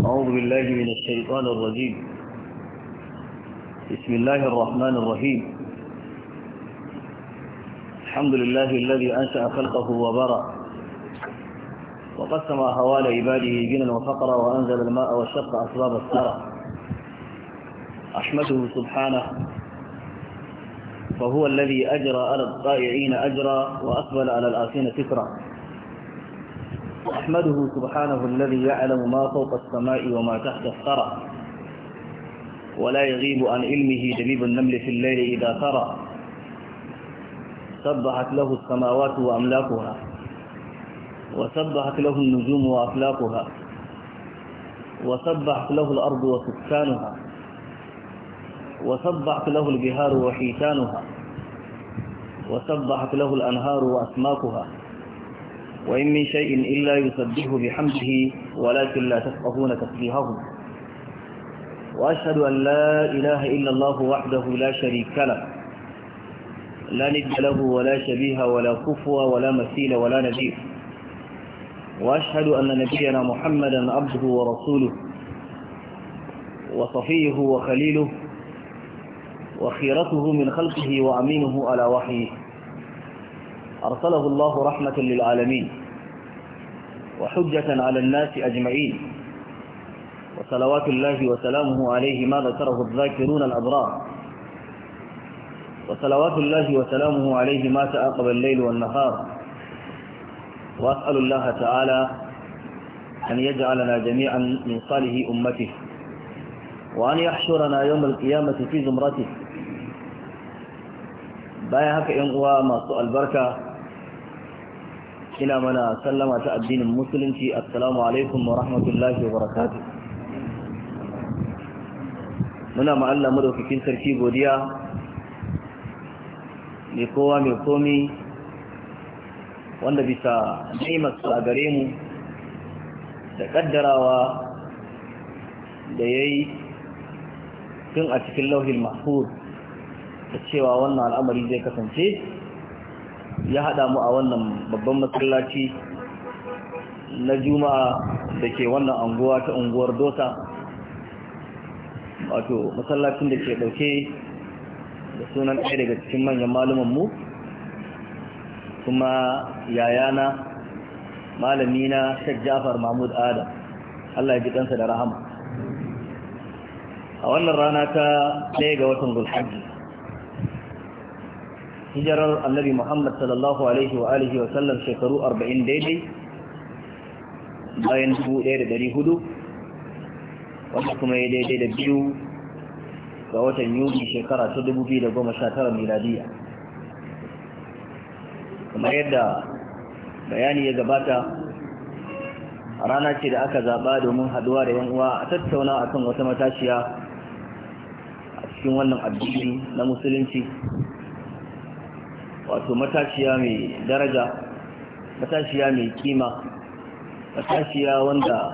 أعوذ بالله من الشيطان الرجيم بسم الله الرحمن الرحيم الحمد لله الذي أنشأ خلقه وبرأ وقسم أهوال عباده جنا وفقرا وأنزل الماء وشق أسباب السرى أحمده سبحانه فهو الذي أجرى على الطائعين أجرا وأقبل على الآسين فكرا أحمده سبحانه الذي يعلم ما فوق السماء وما تحت الثرى ولا يغيب عن علمه دبيب النمل في الليل إذا ترى سبحت له السماوات وأملاكها وسبحت له النجوم وأفلاكها وسبحت له الأرض وسكانها وسبحت له البهار وحيتانها وسبحت له الأنهار وأسماكها وإن من شيء إلا يسبه بحمده ولكن لا تفقهون تسبيحه وأشهد أن لا إله إلا الله وحده لا شريك له لا ند له ولا شبيه ولا كفوة ولا مثيل ولا نذير وأشهد أن نبينا محمدا عبده ورسوله وصفيه وخليله وخيرته من خلقه وأمينه على وحيه أرسله الله رحمة للعالمين وحجة على الناس أجمعين وصلوات الله وسلامه عليه ما ذكره الذاكرون الأبرار وصلوات الله وسلامه عليه ما تآقب الليل والنهار وأسأل الله تعالى أن يجعلنا جميعا من صالح أمته وأن يحشرنا يوم القيامة في زمرته بايا هكا ينقوى ما سؤال بركة ina mana sallama ta addinin musulunci assalamu alaikum wa rahmatullahi wa muna ma Allah madaukakin sarki godiya mai kowa mai komi wanda bisa ni'imarsa a gare mu da kaddarawa da yayi tun a cikin lauhin mahfuz da cewa wannan al'amari zai kasance ya haɗa mu a wannan babban masallaci na juma'a da ke wannan anguwa ta unguwar dosa wato masallacin da ke ɗauke da sunan ɗaya daga cikin manyan mu. kuma yayana malamina shek Jafar Mahmud Adam Allah ya ji kansa da rahama a wannan rana ta ɗaya ga watan Zulhajji hijirar annabi Muhammad sallallahu alaihi wa alihi wa sallam shekaru 40 daidai bayan 1400 wanda kuma ya daidai da biyu ga watan Yuli shekara ta 2019 miladiya kuma yadda bayani ya gabata rana ce da aka zaba domin haduwa da yan uwa a tattauna akan wata matashiya a cikin wannan addini na musulunci wato matashiya mai daraja matashiya mai kima matashiya wanda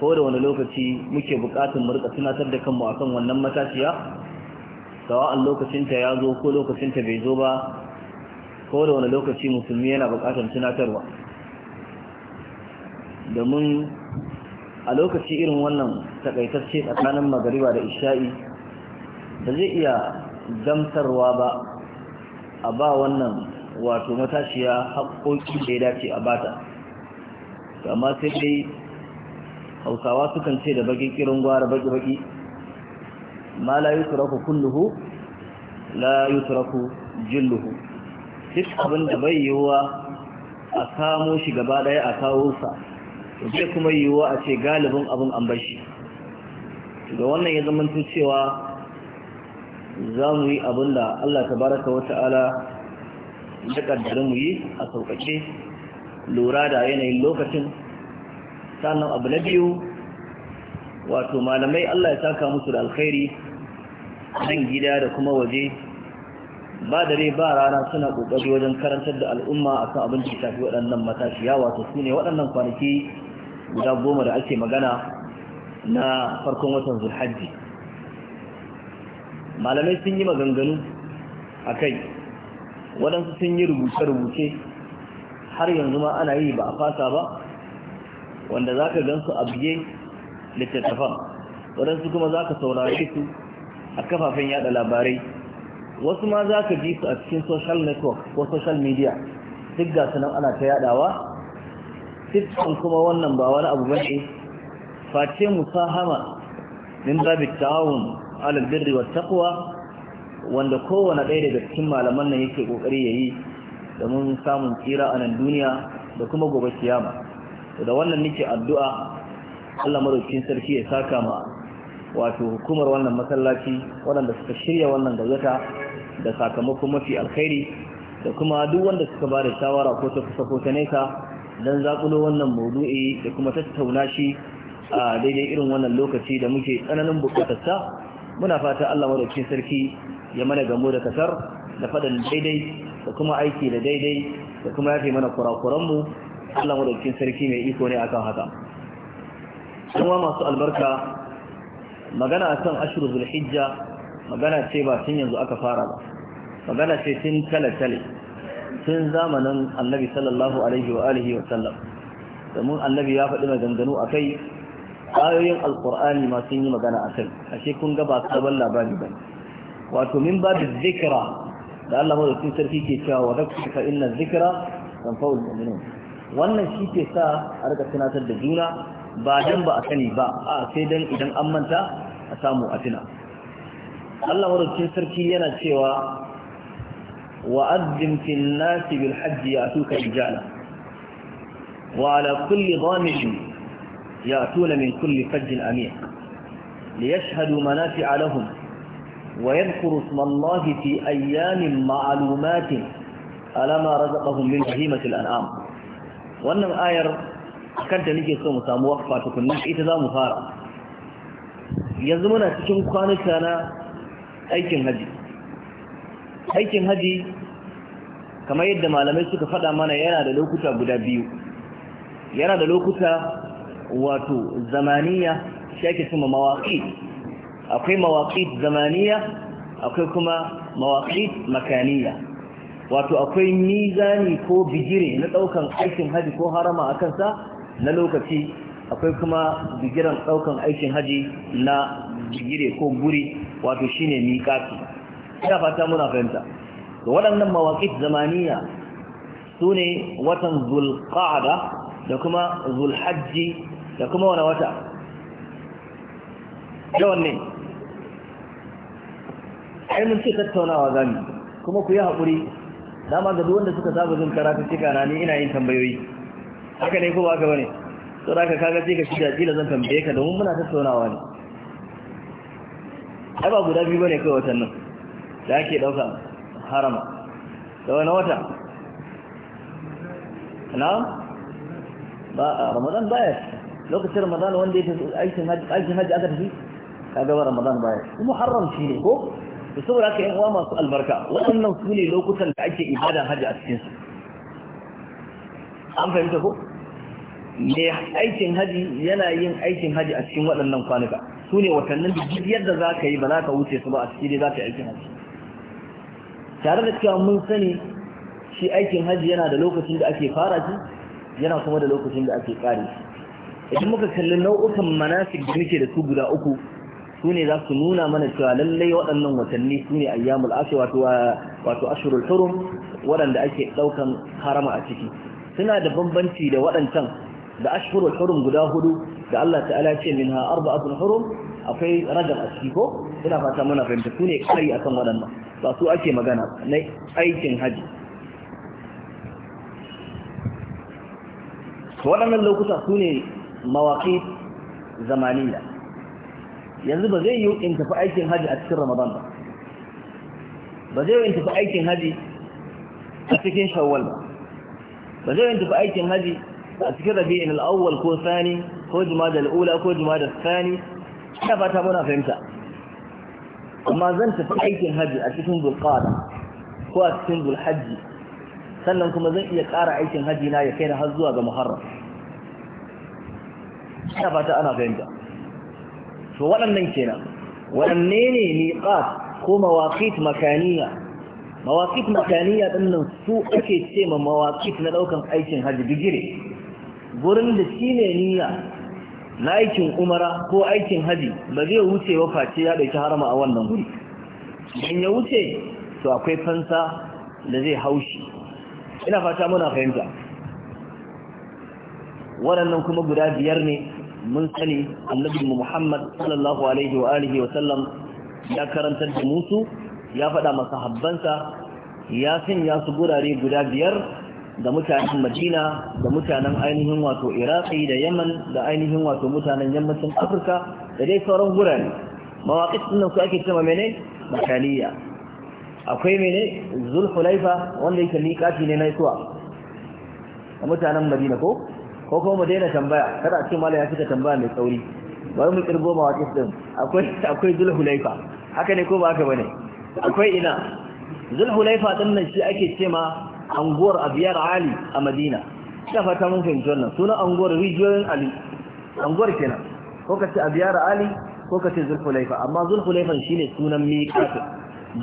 ko da wani lokaci muke bukatun mu rika tunatar da kanmu akan wannan matashiya sawa'an lokacinta ya zo ko lokacinta bai zo ba ko da wani lokaci musulmi yana bukatun tunatarwa domin a lokaci irin wannan takaitacce tsakanin magariba da isha'i ba zai iya gamsarwa ba a ba wannan wato matashiya haƙoƙi da ya dace a bata amma sai dai hausawa sukan ce da bakin kirin gwara baƙi-baƙi ma la yi turaku kulluhu la yi turaku jilluhu duk abin da bai yiwuwa a samo shi gaba ɗaya a kawo sa zai kuma yiwuwa a ce galibin abin an bashi ga wannan ya zamanta cewa za mu yi abin da Allah baraka wa ta'ala ya kaddara mu yi a sauƙaƙe lura da yanayin lokacin sannan abu na biyu wato malamai Allah ya saka musu da alkhairi nan gida da kuma waje ba dare ba rana suna ƙoƙari wajen karantar da al'umma akan abin da shafi waɗannan matashiya wato su ne waɗannan kwanaki guda goma da ake magana na farkon watan zulhajji malamai sun yi maganganu a kai waɗansu sun yi rubuce-rubuce har yanzu ma ana yi ba a fasa ba wanda za ka gansu a biye littattafan waɗansu kuma za ka saurari su a kafafen yada labarai wasu ma za ka ji su a cikin social network ko social media duk ga sunan ana ta yadawa sitcom kuma wannan ba wani abu ce. face musahama min babu ta'awun alal birri wa taqwa wanda kowane ɗaya daga cikin malaman nan yake kokari yayi domin samun tsira a nan duniya da kuma gobe kiyama to da wannan nake addu'a Allah madaukakin sarki ya saka ma wato hukumar wannan masallaci waɗanda suka shirya wannan gazzata da sakamakon mafi alkhairi da kuma duk wanda suka ba da shawara ko ta kusa ko ta nesa don zakulo wannan maudu'i da kuma tattauna shi a daidai irin wannan lokaci da muke tsananin bukatarsa muna fata Allah madaukakin sarki ya mana gamo da kasar da fadan daidai da kuma aiki da daidai da kuma yafe mana kurakuran mu Allah madaukakin sarki mai iko ne akan haka kuma masu albarka magana akan ashru zulhijja magana ce ba tun yanzu aka fara ba magana ce tun kala tun zamanin annabi sallallahu alaihi wa alihi wa sallam domin annabi ya faɗi maganganu kai. ayoyin alkur'ani masu yi magana a kai ashe kun ga ba sabon labari ba wato min da zikira da Allah madaukakin sarki ke cewa wa dakka inna zikira tanfa'ul mu'minun wannan shi ke sa a rika tunatar da juna ba dan ba a sani ba a sai dan idan an manta a samu a tuna Allah madaukakin sarki yana cewa wa azzim fil nasi bil hajji yatuka rijala wa ala kulli dhamirin يأتون من كل فج أميق ليشهدوا منافع لهم ويذكروا اسم الله في أيام معلومات على ما رزقهم من بهيمة الأنعام وأن آير كانت نجي سوم سامو وقفة تكون إذا ذا مفارة يزمنا تكون خانك أنا أيكن هجي أيكن هجي kamar yadda malamai suka faɗa mana yana da lokuta guda biyu yana da lokuta wato zamaniya shake kuma suma mawaƙi akwai mawaƙi zamaniya akwai kuma mawaƙi makaniya wato akwai mizani ko bigire na daukan aikin haji ko harama a sa na lokaci akwai kuma bigiren ɗaukan aikin haji na bigire ko guri wato shine miƙaƙi ina fata muna fahimta waɗannan mawaƙi zamaniya su ne watan zulƙa'ada da kuma zulhajji da kuma wani wata yawan ne ai mun ce tattaunawa mu kuma ku yi haƙuri dama ga wanda suka saba jin karatu cika na ni ina yin tambayoyi haka ne ko ba ka bane to da ka kaga sai ka da kila zan tambaye ka domin muna tattaunawa ne ai ba guda biyu bane kai watan nan da ake dauka harama da wani wata na ba ramadan baya lokacin ramadan wanda ya aikin hajji aikin haji aka tafi kaga ba ramadan baya muharram shi ne ko to saboda haka yan uwa masu albarka waɗannan su ne lokutan da ake ibada haji a cikin su an fahimta ko me aikin haji yana yin aikin haji a cikin waɗannan kwanuka su ne watannin da duk yadda za ka yi ba za ka wuce su ba a ciki dai za ka yi aikin haji tare da cewa mun sani shi aikin haji yana da lokacin da ake fara shi yana kuma da lokacin da ake ƙare shi idan muka kalli nau'ukan manasik da muke da su guda uku su ne za su nuna mana cewa lallai waɗannan watanni su ne ayyamul ashe wato ashirul hurum waɗanda ake ɗaukan harama a ciki suna da bambanci da waɗancan da ashirul hurum guda hudu da Allah ta'ala ce arba abun hurum akwai rajab a ciki ko ina fata muna fahimta su ne kari akan waɗannan ba su ake magana na aikin haji waɗannan lokuta su ne mawaƙi zamaniya yanzu ba zai yi in tafi aikin haji a cikin ramadan ba ba zai yi in tafi aikin haji a cikin shawwal ba ba zai yi in tafi aikin haji a cikin rabi'in al'awwal ko sani ko jima'a da al'ula ko jima'a da sani ina fata muna fahimta amma zan tafi aikin haji a cikin zulqada ko a cikin zulhajji sannan kuma zan iya ƙara aikin haji na ya kai na har zuwa ga muharram ina fata ana fahimta to waɗannan kenan waɗanne ne miqat ko mawaƙit makaniya mawaƙit makaniya ɗan nan su ake ce ma mawaƙit na ɗaukan aikin hajji digiri? gurin da shi ne niyya na aikin umara ko aikin hajji ba zai wuce wa face ya ɗauki harama a wannan wuri? in ya wuce to akwai fansa da zai haushi ina fata muna fahimta waɗannan kuma guda biyar ne mun sani annabi Muhammad sallallahu alaihi wa alihi wa sallam ya karantar da musu ya faɗa masa habbansa ya sanya su gurare guda biyar da mutanen Madina da mutanen ainihin wato Iraki da Yaman da ainihin wato mutanen yammacin Afirka da dai sauran gurare mawaƙi nan su ake cewa mene makaliya akwai mene zulhulaifa wanda yake miƙati ne na isuwa mutanen Madina ko ko kuma mu daina tambaya kada a ce malam ya fita tambaya mai tsauri bari mu kirgo ma wakil din akwai akwai zulhulaifa haka ne ko ba haka bane akwai ina zulhulaifa din nan shi ake ce ma anguwar abiyar ali a madina ina fata mun fahimci wannan sunan anguwar rijiyoyin ali anguwar kenan ko ka ce abiyar ali ko ka ce zulhulaifa amma zulhulaifan shine sunan miƙatin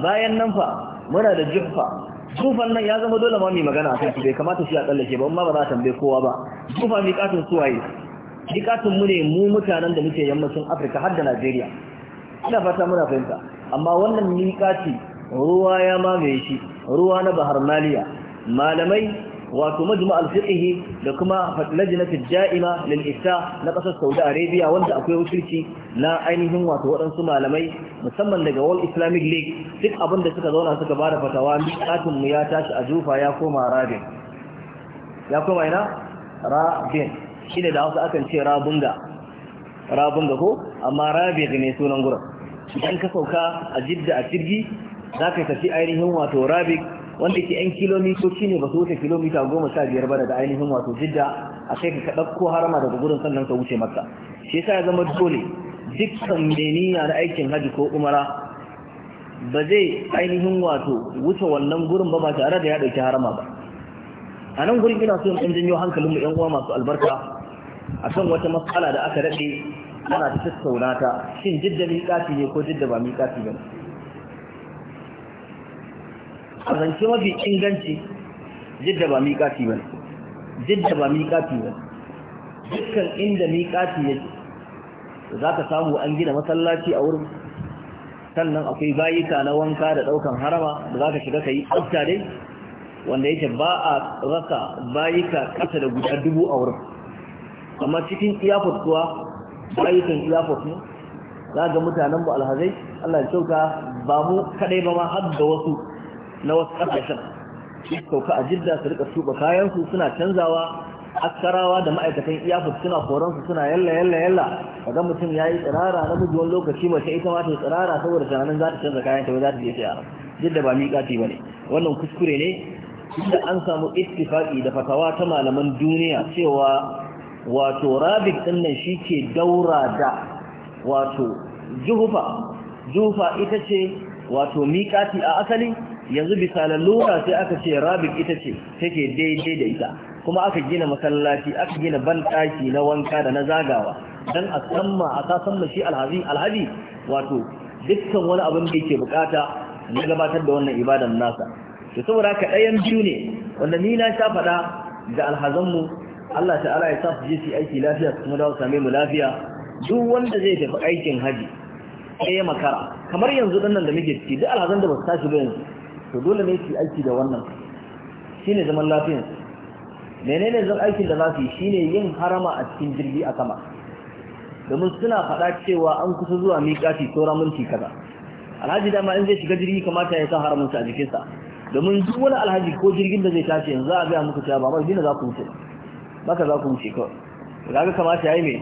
bayan nan fa muna da juhfa zufan nan ya zama dole ma mai magana a kansu bai kamata shi a tsallake ba amma ba za a tambaye kowa ba zufa miƙatun suwaye miƙatun mu ne mu mutanen da muke yammacin afirka har da najeriya ina fata muna fahimta amma wannan miƙati ruwa ya mamaye shi ruwa na bahar maliya malamai wato majmu'al al-fiqh da kuma lajnat al-ja'ima lil na kasar Saudi Arabia wanda akwai wakilci na ainihin wato waɗansu malamai musamman daga World Islamic League duk abin da suka zauna suka bada fatawa miƙatun mu ya tashi a Jufa ya koma Rabin ya koma ina Rabin shine da Hausa akan ce Rabunga Rabunga ko amma Rabin ne sunan gurin idan ka sauka a Jidda a jirgi za ka tafi ainihin wato Rabin wanda ke yan kilomitoci ne ba su wuce kilomita goma sha biyar ba daga ainihin wato jidda a kai ka ɗauko harama daga gurin sannan ka wuce maka, shi yasa ya zama dole dukkan meniya na aikin hajji ko umara ba zai ainihin wato wuce wannan gurin ba ba tare da ya ɗauki harama ba a nan gurin ina so in janyo hankalin mu yan uwa masu albarka kan wata matsala da aka daɗe ana tattauna ta shin jidda miƙati ne ko jidda ba miƙati ba ne a zance mafi inganci jidda ba miƙati ba jidda ba miƙati ba dukkan inda miƙati yake za ka samu an gina masallaci a wurin sannan akwai bayika na wanka da ɗaukan harama da za ka shiga ka yi tsafta dai wanda yake ba a rasa bayika ƙasa da guda dubu a wurin amma cikin iyafot kuwa bayikan iyafot ne za ga mutanen mu alhazai Allah ya kyauta ba mu kaɗai ba ma har da wasu na wasu ƙasashen shi sauka a jidda su rika tuba kayansu suna canzawa askarawa da ma'aikatan iyafus suna horonsu su suna yalla yalla yalla kaga mutum ya yi tsirara na wani lokaci mace ita ma ta yi tsirara saboda tunanin za ta canza kayan ta za ta je ta jidda ba miƙa ce ba ne wannan kuskure ne da an samu ittifaki da fatawa ta malaman duniya cewa wato rabit din nan shike daura da wato juhufa juhufa ita ce wato miƙati a asali yanzu bisa lalura sai aka ce rabik ita ce take daidai da ita kuma aka gina masallaci aka gina banɗaki na wanka da na zagawa don a samma a shi alhazi alhazi wato dukkan wani abin da yake bukata na gabatar da wannan ibadan nasa to saboda haka ɗayan biyu ne wanda ni na sha faɗa da alhazanmu Allah ta'ala ya sa su je su aiki lafiya su kuma dawo same mu lafiya duk wanda zai tafi aikin haji sai ya makara kamar yanzu ɗan nan da muke ciki duk alhazan da ba su tashi ba yanzu to dole ne su aiki da wannan Shi ne zaman lafiyan menene zan aikin da za su yi ne yin harama a cikin jirgi a sama domin suna faɗa cewa an kusa zuwa miƙati saura minti kaza alhaji dama in zai shiga jirgi kamata ya sa haramunsa a jikinsa domin duk wani alhaji ko jirgin da zai tashi yanzu za a gaya muku cewa ba dina za ku wuce baka za ku wuce kawai kaga kamata yayi me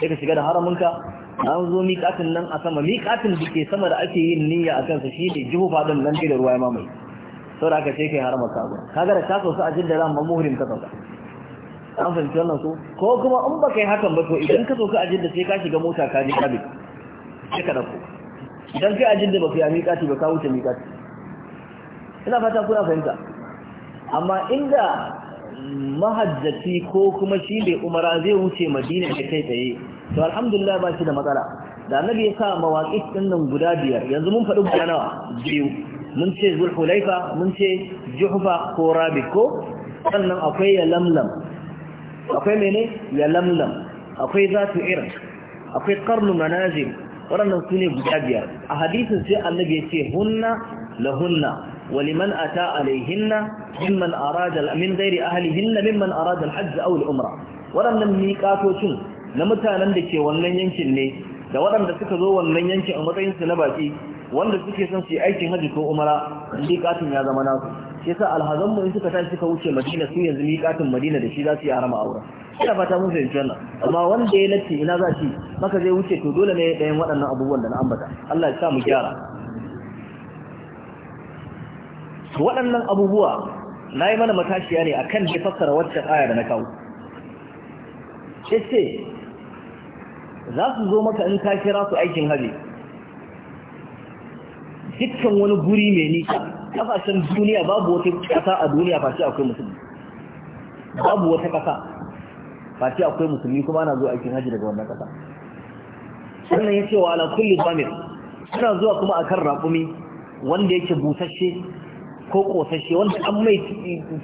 sai ka shiga da haramunka an zo miƙatin nan a sama miƙatin da ke sama da ake yin niyya a kansa shi ne jihu faɗin nan da ruwa ya mamaye Sau da aka ce kai harama ka gurin kaga da ta sauka a jidda ran muhrim ka sauka an fahimci wannan so ko kuma in ba kai hakan ba to idan ka sauka a jidda sai ka shiga mota ka ji kabe sai ka dauko idan kai a jidda ba kai yi miƙati ba ka wuce miƙati ina fata kuna fahimta amma inda mahajjaci ko kuma shi bai umara zai wuce madina da kai tsaye to alhamdulillah ba shi da matsala da nabi ya sa mawaƙi ɗin nan guda biyar yanzu mun faɗi guda nawa biyu mun ce zulhulaifa mun ce juhfa ko rabi ko sannan akwai ya lamlam akwai mene ya lamlam akwai zatu irin akwai karnu manazil waɗannan su ne guda biyar a hadisin sai annabi ya ce hunna lahunna ولمن أتى عليهن ممن أراد من غير أهلهن ممن أراد الحج أو العمرة waɗannan miƙatocin na mutanen da ke wannan yankin ne da waɗanda suka zo wannan yankin a matsayinsu na baki wanda suke son su yi aikin hajji ko umara miƙatin ya zama nasu shi yasa alhazan mu in suka tashi suka wuce madina su yanzu miƙatin madina da shi za su yi harama aura ina fata mun fahimci wannan amma wanda ya latti ina za shi maka zai wuce to dole ne ɗayan waɗannan abubuwan da na ambata Allah ya sa mu gyara waɗannan abubuwa na yi mana matashiya ne a kan da fassara wacce tsaya da na kawo ce za su zo maka in ka kira su aikin hajji dukkan wani guri mai nisa kasashen duniya babu wata kasa a duniya fashe akwai musulmi babu wata kasa fashe akwai musulmi kuma ana zo aikin hajji daga wannan kasa sannan ya ce wa ala kulli zamir suna zuwa kuma akan raƙumi wanda yake busasshe ko kosashe wanda an mai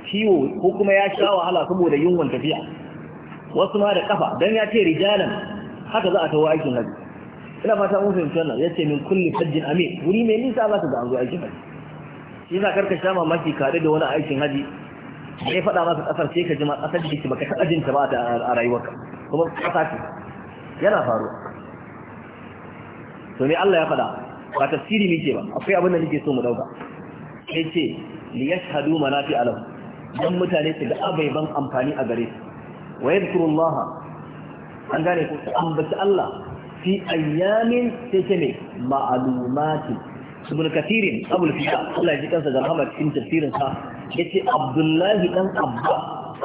ciwo ko kuma ya sha wahala saboda yunwan tafiya wasu ma da kafa dan ya ce rijalan haka za a tawo aikin haji ina fata mun fahimci wannan yace min kulli fajjin amin wuri mai nisa za ka ga an zo aikin haji shi yasa karka sha mamaki kare da wani aikin haji sai faɗa masa kasar sai ka ji ma kasar da kike baka taɓa jin ta ba a rayuwarka kuma kasa ce yana faruwa to ne Allah ya faɗa ba tafsiri ke ba akwai abin da nake so mu dauka sai ce li yashhadu manafi alahu dan mutane su ga abaiban amfani a gare su wa maha, an gane ku. ambaci Allah fi ayyamin sai ce ne ma'lumati ibn kathirin abul fida Allah ya ji kansa da rahama cikin tafsirin sa yace abdullahi dan abba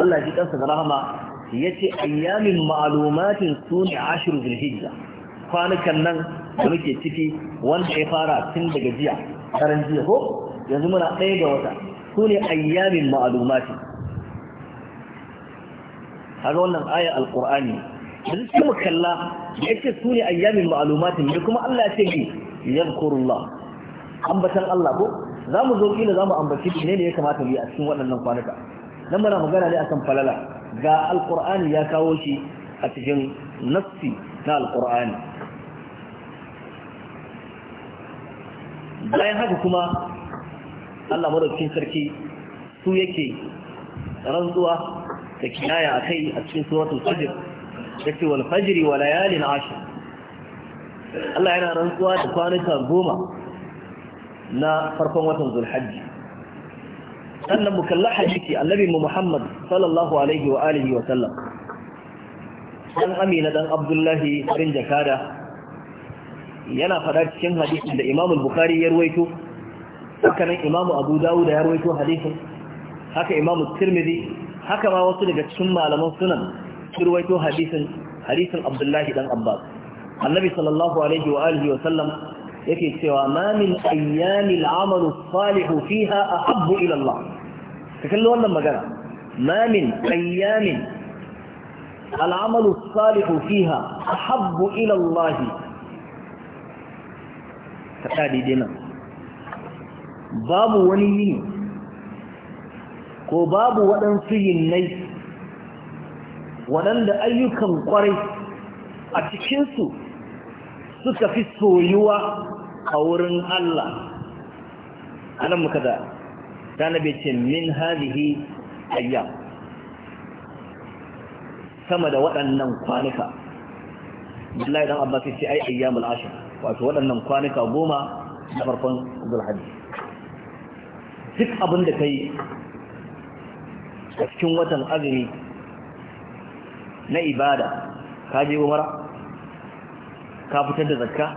Allah ya ji kansa da rahama yace ayyamin ma'lumatin sune ashru bil hijja kwanukan nan da muke ciki wanda ya fara tun daga jiya karan jiya ko yanzu muna ɗaya ga wata su ne ayyamin ma'alumati haka wannan aya alƙur'ani da su kuma kalla ya ce su ne ayyamin ma'alumatin da kuma Allah ya ce ki ambatan Allah ko za mu zo kila za mu ambaci ne ne ya kamata mu yi a cikin waɗannan kwanuka nan muna magana ne akan falala ga alƙur'ani ya kawo shi a cikin nassi na alƙur'ani bayan haka kuma Allah madaukakin sarki su yake rantsuwa da kinaya a kai a cikin suratul fajr yake wal fajri wa layalin ashir Allah yana rantsuwa da kwanuka goma na farkon watan zulhajji sannan mu kalla hadisi annabi mu Muhammad sallallahu alaihi wa alihi wa sallam dan Amina dan Abdullahi bin Jakada yana fada cikin hadisin da Imam al-Bukhari ya ruwaito وكان إمام أبو داود يرويته حديثا هكا إمام الترمذي هكا ما وصلك ثم على منصنا يرويته حديثا حديث عبد الله بن عباس النبي صلى الله عليه وآله وسلم يكي سوى ما من أيام العمل الصالح فيها أحب إلى الله تكلوا لما قال ما من أيام العمل الصالح فيها أحب إلى الله تكادي دينا babu wani yini ko babu waɗansu yinnai waɗanda ayyukan ƙwarai a cikinsu suka fi soyuwa a wurin Allah anan muka da bai ce min halihi ayyam sama da waɗannan kwanuka billahi dan Abbas ce ai ayyamul ashir wato waɗannan kwanuka goma na farkon Zulhijja duk abin da ka yi a cikin watan azumi na ibada ka je umara ka fitar da zakka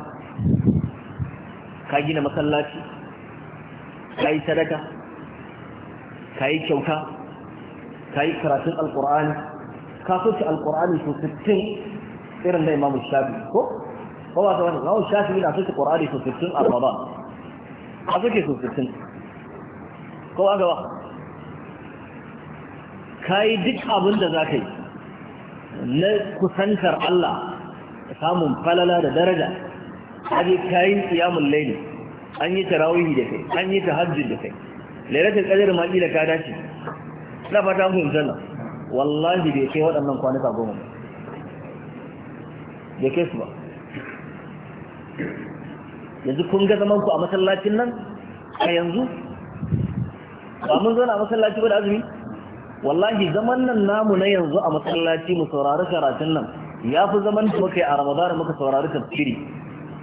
ka gina masallaci ka yi sadaka ka yi kyauta ka yi karatun alkur'ani ka soke alkur'ani su 60 irin da imamu shafi ko? kowa ta wani imamu shafi na soke alkur'ani su 60 a ramadan a soke su 60 ko a gaba ka yi duk abin da za ka yi na kusantar Allah da samun falala da daraja aje ka yi tsiyamun laili an yi ta rawuyi da kai an yi ta hajji da kai lailatul ƙadar ma da kada dace na fata mun zana wallahi bai ke waɗannan kwanuka goma da ke su ba yanzu kun ga zaman ku a masallacin nan a yanzu ba mun zauna a masallaci ba da azumi wallahi zaman nan namu na yanzu a masallaci mu saurari karatun nan ya fi zaman da muka yi a ramadan muka saurari tafsiri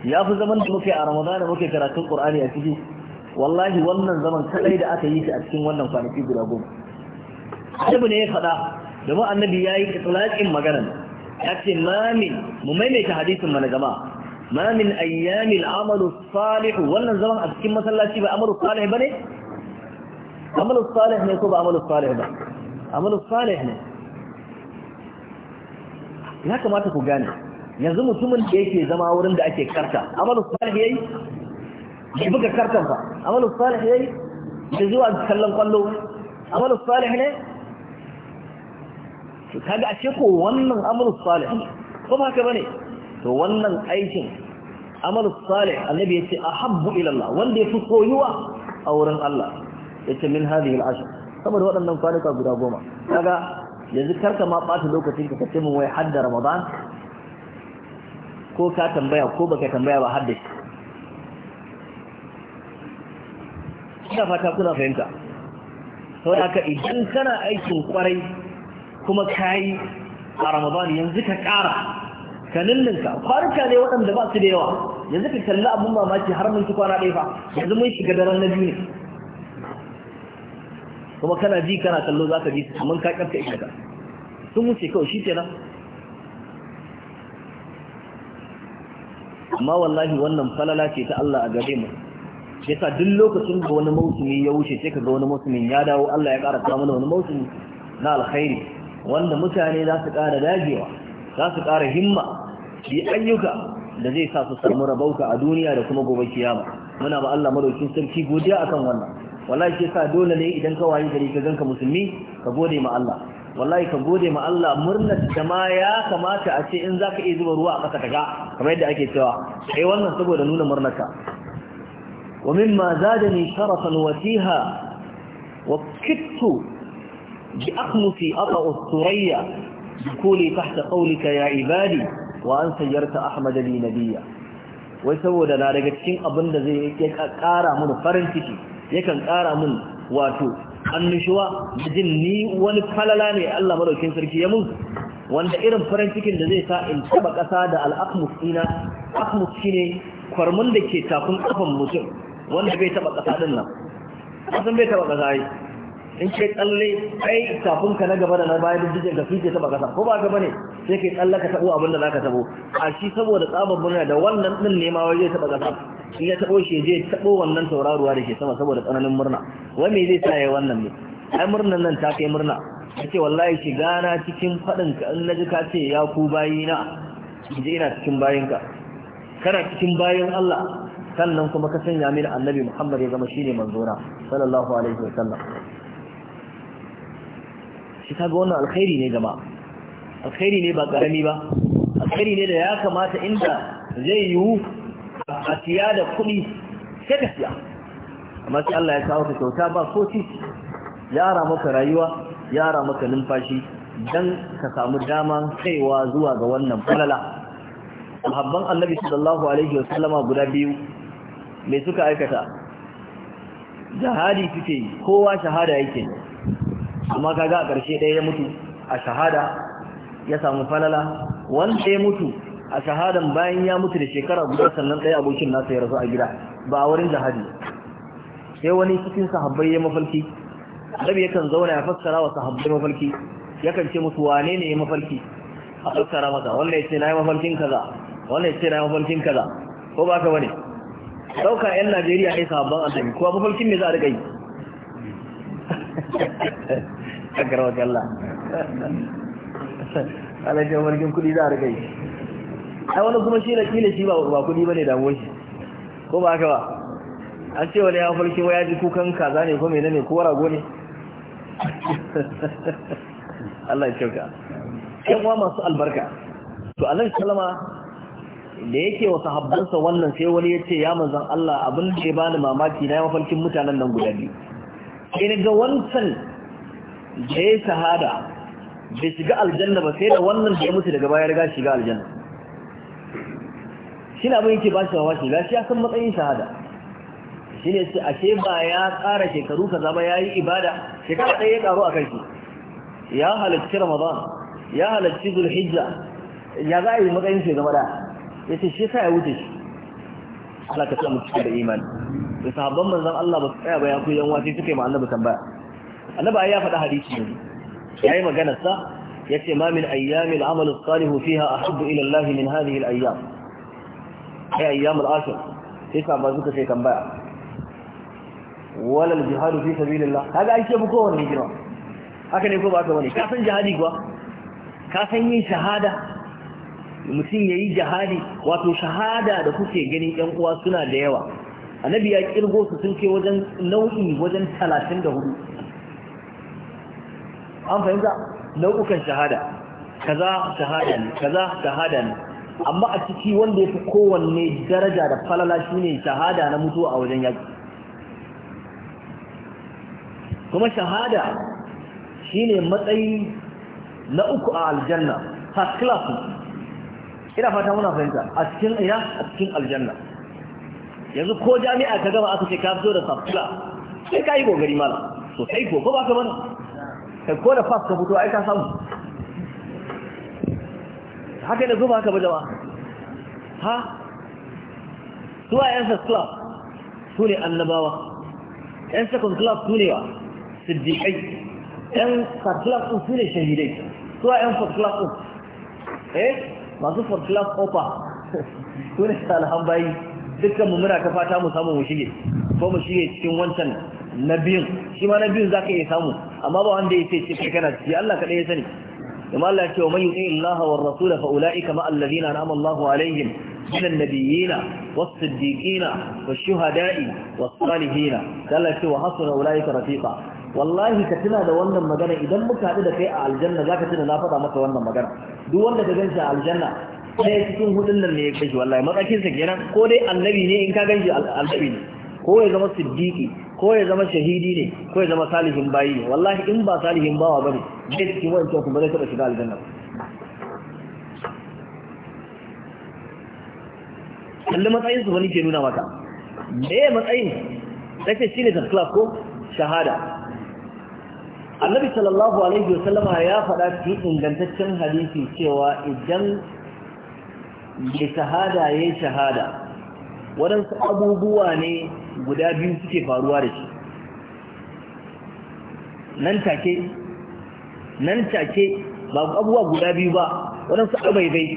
ya fi zaman da muka a ramadan muka yi karatun qur'ani a cikin wallahi wannan zaman kadai da aka yi shi a cikin wannan kwanaki guda goma annabi ne ya faɗa domin annabi ya yi tsalaƙin magana ya ce mamin mu maimaita hadisin mana jama'a mamin ayyamin amalu salihu wannan zaman a cikin masallaci ba amalu salihu ne. amalus salih ne ko ba amalus salih ba amalus salih ne ya kamata ku gane yanzu mutumin da yake zama wurin da ake karta amalus salih yayi bai buga kartan ba amalus salih yayi da zuwa kallon kwallo amalus salih ne kaga a ko wannan amalus salih ko ba haka bane to wannan aikin amalus salih annabi yace ahabbu ila Allah wanda yafi koyuwa a wurin Allah yace min hadhihi al-ashr saboda waɗannan kwanuka guda goma kaga yanzu karka ma ɓata lokacin ka kace min wai hadda ramadan ko ka tambaya ko baka tambaya ba hadda shi ina fata kuna fahimta sau da ka idan kana aikin kwarai kuma kayi a ramadan yanzu ka ƙara ka ninninka kwanuka ne waɗanda ba su da yawa yanzu ka kalli abin mamaki har mun ci kwana ɗaya fa yanzu mun shiga daren na biyu ne kuma kana ji kana kallo za ka ji su amma ka karka ita sun wuce kawai shi nan amma wallahi wannan falala ce ta Allah a gare mu yasa duk lokacin da wani mausumi ya wuce sai kaga wani mausumi ya dawo Allah ya ƙara kawo mana wani mausumi na alkhairi wanda mutane za su ƙara dagewa za su ƙara himma yi ayyuka da zai sa su samu rabauka a duniya da kuma gobe kiyama muna ba Allah madaukin sarki godiya akan wannan wallahi shi yasa dole ne idan ka wayi gari ka ganka musulmi ka gode ma Allah wallahi ka gode ma Allah murnar da ma ya kamata a ce in zaka iya zuba ruwa a ƙasa kaga kamar yadda ake cewa sai wannan saboda nuna murnarka wa mimma zadani sharafan wasiha wa kittu bi akhmusi aqa'u thuriya kuli tahta qawlika ya ibadi wa an sayyarta ahmad li nabiyya wai saboda na daga cikin abin da zai ya ƙara mun farin ciki yakan ƙara mun wato annushuwa da jin ni wani falala ne Allah madaukin sarki ya mun wanda irin farin cikin da zai sa in taba ƙasa da al'akmus ɗina akmus shine kwarmin da ke tafin kafan mutum wanda bai taba ƙasa din nan kasan bai taba ƙasa yi in ke tsalle ai tafin ka na gaba da na baya duk jijin ka fice taba ƙasa ko ba gaba ne sai ke tsalle ka tabo abin da zaka tabo a shi saboda tsabar murna da wannan din ne ma wai zai taba ƙasa in ya taɓo shi je taɓo wannan tauraruwa da ke sama saboda tsananin murna Wani zai sa ya wannan ne ai murnan nan ta kai murna ta ce wallahi shiga na cikin faɗin ka in na ji ka ce ya ku bayina in ji ina cikin bayinka kana cikin bayin Allah sannan kuma ka sanya mini annabi Muhammad ya zama shine manzona sallallahu alaihi wasallam shi kaga wannan alkhairi ne jama'a alkhairi ne ba karami ba alkhairi ne da ya kamata inda zai yiwu a siya da kuɗi sai ka siya amma sai Allah ya kawo ka kyauta ba ko ci. yara maka rayuwa yara maka numfashi dan ka samu dama kaiwa zuwa ga wannan falala sahabban annabi sallallahu alaihi wa guda biyu me suka aikata jihadi suke kowa shahada yake amma kaga a ƙarshe ɗaya ya mutu a shahada ya samu falala wanda ya mutu a shahadan bayan ya mutu da shekara guda sannan ɗaya abokin nasa ya rasu a gida ba a wurin jihadi sai wani cikin sahabbai ya mafarki annabi yakan zauna ya fassara wa sahabbai mafarki yakan ce musu wane ne ya mafarki a fassara masa wannan ya ce na yi mafarkin kaza wannan ya ce na yi mafarkin kaza ko ba ka bane dauka yan Najeriya ne sahabban annabi kuwa mafarkin me za a riƙa yi a garwa Allah alaƙar mafarkin kuɗi za a riƙa yi ai wani kuma shi na kila shi ba ba kudi bane damuwar shi ko ba haka ba an ce wani ya farki waya ji kukan kaza ne ko menene ko rago ne Allah ya kyauta ƴan uwa masu albarka to anan sallama da yake wa sahabbansa wannan sai wani ya ce ya manzon Allah abin da ya bani mamaki na yi mafarkin mutanen nan guda biyu In ga wancan da ya sahada bai shiga aljanna ba sai da wannan da ya mutu daga baya ya riga shiga aljanna Shin na abin yake ba shi mamaki ga shi ya san matsayin shahada shi ne su ashe ba ya ƙara shekaru kaza ba ya yi ibada shekara ɗaya ya ƙaru a kai ya halarci ramadan ya halarci zulhijja ya za a yi matsayin shi zama da ya ce shi sa ya wuce shi Allah ka samu cikin da imani da sahabban manzan Allah ba su tsaya ba ya ku yan wasi suka yi ma annabi tambaya annabi ya faɗi hadisi ne ya yi maganarsa ya ce ma min ayyamin amalu salihu fiha ahabbu ila Allah min hadhihi al-ayyam ai ayyamul ashir sai sabba suka sai tambaya walal jihadu fi sabilillah kaga ce bu wani hijira haka ne ko ba ka bane ka san jihadi kuwa ka san yin shahada mutum yayi jihadi wato shahada da kuke gani yan uwa suna da yawa annabi ya kirgo su sun kai wajen nau'i wajen 34 an fahimta nau'ukan shahada kaza shahada ne kaza shahada ne amma a ciki wanda ya fi kowanne daraja da falala shine shahada na mutuwa a wajen yaƙi kuma shahada shine matsayi na uku a aljanna first class ina fata muna fahimta a cikin ina a cikin aljanna yanzu ko jami'a ka gama aka ce ka fito da first class sai ka yi gogari mana. so sai ko ba ka bane kai ko da fas ka fito ai ka samu haka ne zuba haka ba jama'a ha suwa yan sa club su ne annabawa yan second club su ne wa siddiƙai yan third club ɗin su ne shahidai suwa yan fourth club ɗin eh masu fourth club opa su ne salahan bayi dukkan mu muna ta fata mu samu mu shige ko mu shige cikin wancan na biyun shi ma na biyun za ka iya samu amma ba wanda ya ce ce kana ciki Allah kaɗai ya sani kuma Allah ya ce wa man yuti Allah wa rasul fa ulaika ma alladhina an'ama Allah alaihim min an-nabiyyin was-siddiqin wash-shuhada'i was-salihin Allah ce wa hasuna ulaika rafiqa wallahi ka tuna da wannan magana idan muka haɗu da kai a aljanna zaka tuna na faɗa maka wannan magana duk wanda ka ganshi a aljanna ɗaya cikin hudun nan ne ya kai shi wallahi matsakinsa kenan ko dai annabi ne in ka ganshi annabi ne ko ya zama siddiqi ko ya zama shahidi ne ko ya zama salihin bayi ne wallahi in ba salihin bawa bane bai cikin wancan kuma zai taba shiga aljanna kalli matsayin su wani ke nuna maka me ya matsayin ke shine ne class ko shahada annabi sallallahu alaihi wasallama ya faɗa cikin ingantaccen hadisi cewa idan mai shahada ya yi shahada waɗansu abubuwa ne guda biyu suke faruwa da shi nan take nan take ba abubuwa guda biyu ba waɗansu abaibai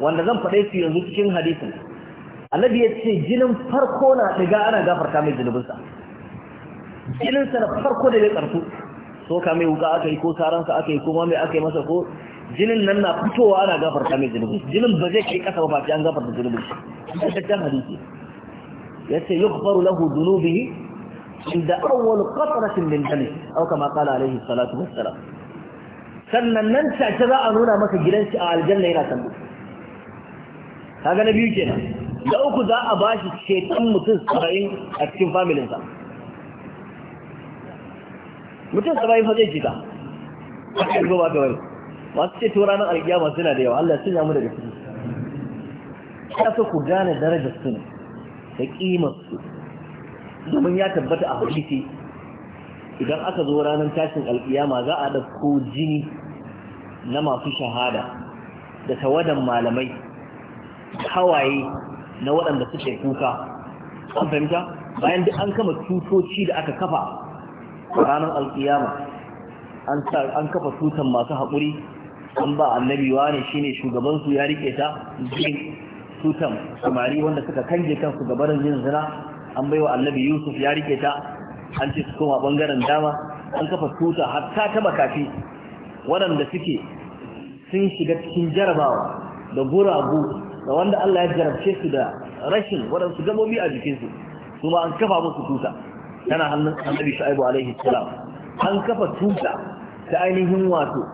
wanda zan faɗe su yanzu cikin hadisin annabi ya ce jinin farko na ɗiga ana gafarta mai zunubinsa jininsa na farko da ya ƙarfi so ka mai wuka aka yi ko saransa aka yi kuma mai aka yi masa ko jinin nan na fitowa ana gafarta mai zunubin jinin ba zai kai kasa ba ba an gafarta zunubin shi can hadisi yace yughfaru lahu dhunubihi inda awwal qatratin min dami aw kama qala alayhi salatu wassalam sannan nan ta ce za a nuna maka gidan shi a aljanna yana kallo kaga na biyu kenan da uku za a bashi shekan mutum 70 a cikin familin sa mutum 70 fa zai shiga kai gaba da wani masu ce to ranar alkiyama suna da yawa Allah sun yamu daga ciki ka so ku gane darajar suna. da ƙimarsu domin ya tabbata a hadisi idan aka zo ranar tashin alƙiyama za a ɗauko jini na masu shahada da tawadan malamai hawaye na waɗanda suke kuka an fahimta bayan duk an kama tutoci da aka kafa ranar alƙiyama an kafa tutan masu haƙuri an ba annabi ne shine shugabansu ya riƙe ta tutan samari wanda suka kange kansu barin yin zina an baiwa annabi yusuf ya rike ta an ce su koma bangaren dama an kafa tuta hatta ta makafi waɗanda suke sun shiga cikin jarabawa da guragu da wanda Allah ya jarabce su da rashin waɗansu gamomi a jikinsu su ma an kafa musu tuta tana hannun annabi shu'aibu alaihi salam an kafa tuta ta ainihin wato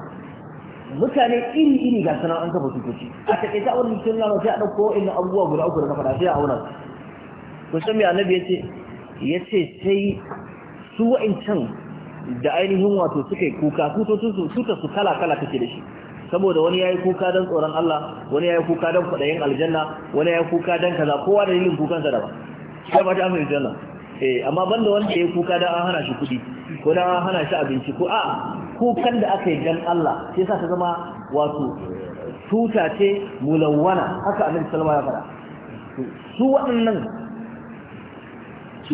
mutane iri iri ga sanan an kafa tutoci a take ta wani cikin lamu sai a dauko inna abubuwa guda uku da na fada sai a auna to san mai annabi yace yace sai su wa'incan da ainihin wato suka yi kuka tutocin su tutar su kala kala kake da shi saboda wani yayi kuka dan tsoron Allah wani yayi kuka dan kwadayin aljanna wani yayi kuka dan kaza kowa da yin kukansa ba sai ba ta amfani aljanna eh amma banda wanda yayi kuka dan an hana shi kudi ko dan an hana shi abinci ko a kukan da aka yi dan Allah sai sa ta zama wato tuta ce mulawwana haka annabi sallallahu alaihi wasallam su waɗannan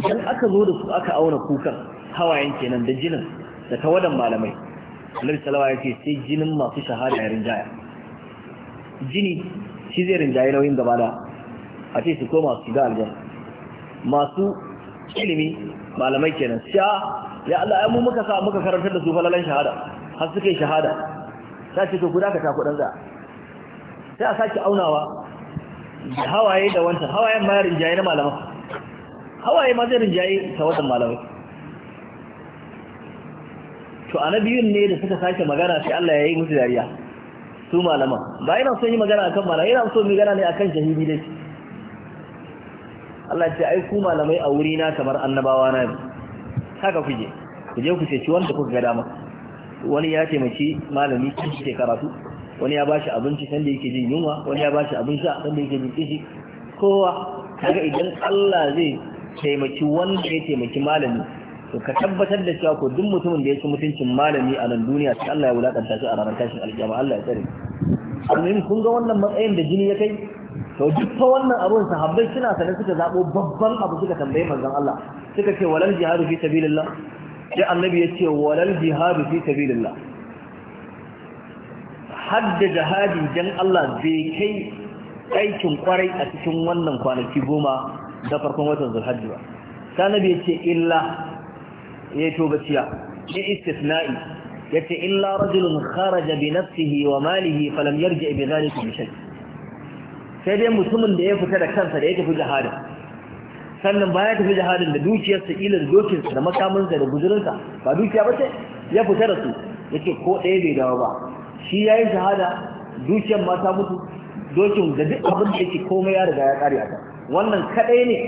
idan aka zo da su aka auna kukan hawayen kenan da jinin da tawadan malamai annabi sallallahu alaihi wasallam sai jinin masu shahada ya rinjaya jini shi zai rinjaye nauyin gaba da a ce su koma su ga aljanna masu ilimi malamai kenan sha ya Allah ai mu muka sa muka karantar da su falalan shahada har suka yi shahada ta ce to guda ka ta kudan za sai a sake aunawa hawaye da wancan hawayen ma rinjaye na malama hawaye ma zai rinjaye ta wadan malamai to annabiyun ne da suka sake magana sai Allah ya yi musu dariya su malaman ba ina son yi magana akan malamai ina son magana ne akan shahidi dai Allah ce ai ku malamai a wuri na kamar annabawa na ne haka kuje ku je ku ceci wanda kuka ga dama wani ya taimaki malami kan shi karatu wani ya bashi abinci sanda yake jin yunwa wani ya bashi abin sha sanda yake jin kishi kowa kaga idan Allah zai taimaki wanda ya taimaki malami to ka tabbatar da cewa ko duk mutumin da ya ci mutuncin malami a nan duniya sai Allah ya wulakanta shi a ranar tashin aljama Allah ya tsare. Amma kun ga wannan matsayin da jini ya kai to duk fa wannan abun sahabbai suna sane suka zabo babban abu suka tambaye manzan Allah suka ce walal jihadu fi sabilillah sai annabi ya ce walal jihadu fi sabilillah hadda jihadi dan Allah bai kai aikin kwarai a cikin wannan kwanaki goma da farkon watan zulhajji ba sai annabi ya ce illa ya to gaciya ya istisna'i ya ce illa rajulun kharaja bi nafsihi wa malihi falam yarji bi dhalika bi shay'in sai dai mutumin da ya fita da kansa da ya tafi jihadin sannan ba ya tafi jihadin da dukiyarsa ilar dokinsa da makaminsa da guzurinsa ba dukiya ba ce ya fita da su yake ko ɗaya bai dawo ba shi ya yi shahada dukiyar ma ta mutu dokin da duk abin da yake komai ya riga ya kare a wannan kaɗai ne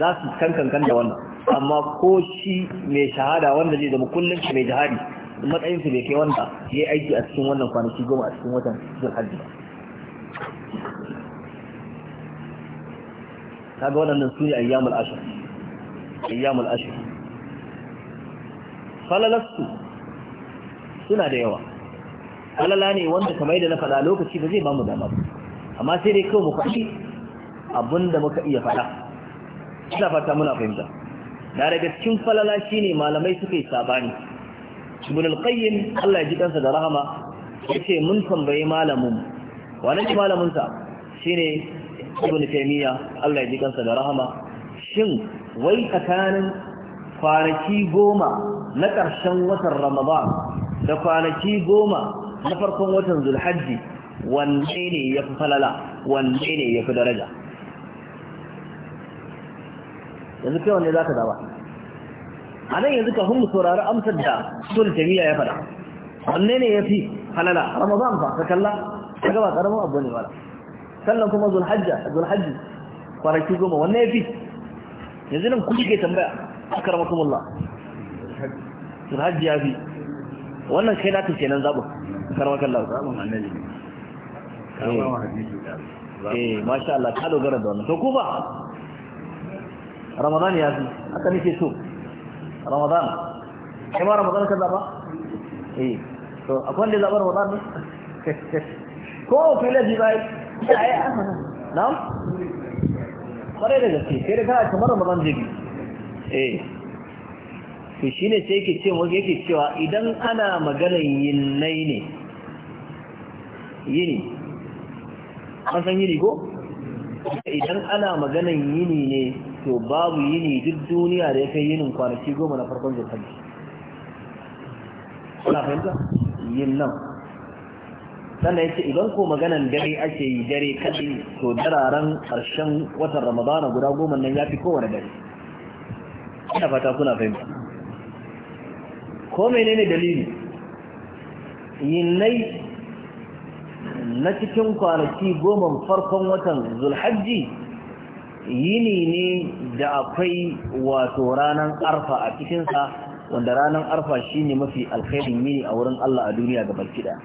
za su kankan da wannan amma ko shi mai shahada wanda zai zama kullum mai jihadi matsayinsu bai kai wanda ya yi aiki a cikin wannan kwanaki goma a cikin watan zulhajji ba kaga waɗannan su ne ayyamul ashir ayyamul ashir falalastu suna da yawa falala ne wanda kamar yadda na faɗa lokaci ba zai ba mu dama amma sai dai kawai mu faɗi abinda muka iya faɗa ina fata muna fahimta da daga cikin falala shine malamai suka yi sabani ibn al-qayyim Allah ya ji kansa da rahama yace mun tambaye malamin wannan malamin sa shine ibn taymiya Allah ya ji kansa da rahama shin wai tsakanin kwanaki goma na ƙarshen watan ramadan da kwanaki goma na farkon watan zulhajji wanne ne ya fi falala wanne ne ya fi daraja yanzu kai wanne za ka zaba a nan yanzu kafin mu saurari amsar da sun jami'a ya fada wanne ne ya fi falala ramadan ba ka kalla ka gaba karamin abu ne ba. sannan kuma zulhajja zulhajji kwanaki goma wannan ya fi yanzu nan ke tambaya a karamakumullah zulhajji ya fi wannan kai naka kenan zaɓin karamakallah zaɓin eh masha Allah ka dogara da wannan to ku ba ramadan ya fi haka nake so ramadan kai ma ramadan ka zaɓa eh to akwai wanda zaɓa ramadan ne ko filaji bai na'am ne da gaske sai da kana kamar ramadan zai bi eh to ne sai yake ce yake cewa idan ana maganar nai ne yini an san yini ko idan ana maganar yini ne to babu yini duk duniya da ya kai yinin kwanaki goma na farkon jikin kuna fahimta yin nan sannan yace idan ko maganan dare ake yi dare kadai to dararen karshen watan ramadana guda goma nan yafi kowane dare ina fata kuna fahimta ko menene dalili yinnai na cikin kwanaki goma farkon watan zulhajji yini ne da akwai wato ranar arfa a cikinsa wanda ranar arfa shine mafi alkhairin yini a wurin Allah a duniya ga baki daya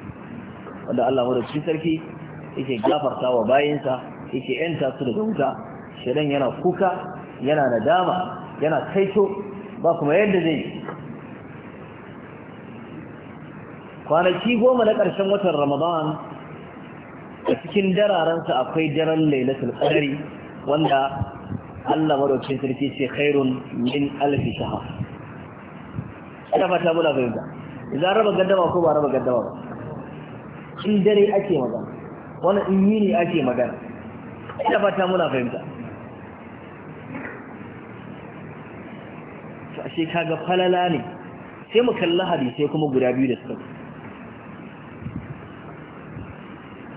wanda Allah madaukakin sarki yake gafarta wa bayinsa yake yanta su daga wuta shedan yana kuka yana nadama yana kaito ba kuma yadda zai kwanaki goma na ƙarshen watan ramadan a cikin dararensa akwai daren lailatul qadari wanda Allah madaukakin sarki ce khairun min alfi shahr ina fata muna fahimta idan raba gaddama ko ba raba gaddama ba in dare ake magana wannan in yi ne ake magana ina fata muna fahimta to ashe kaga falala ne sai mu kalli hadisai kuma guda biyu da suka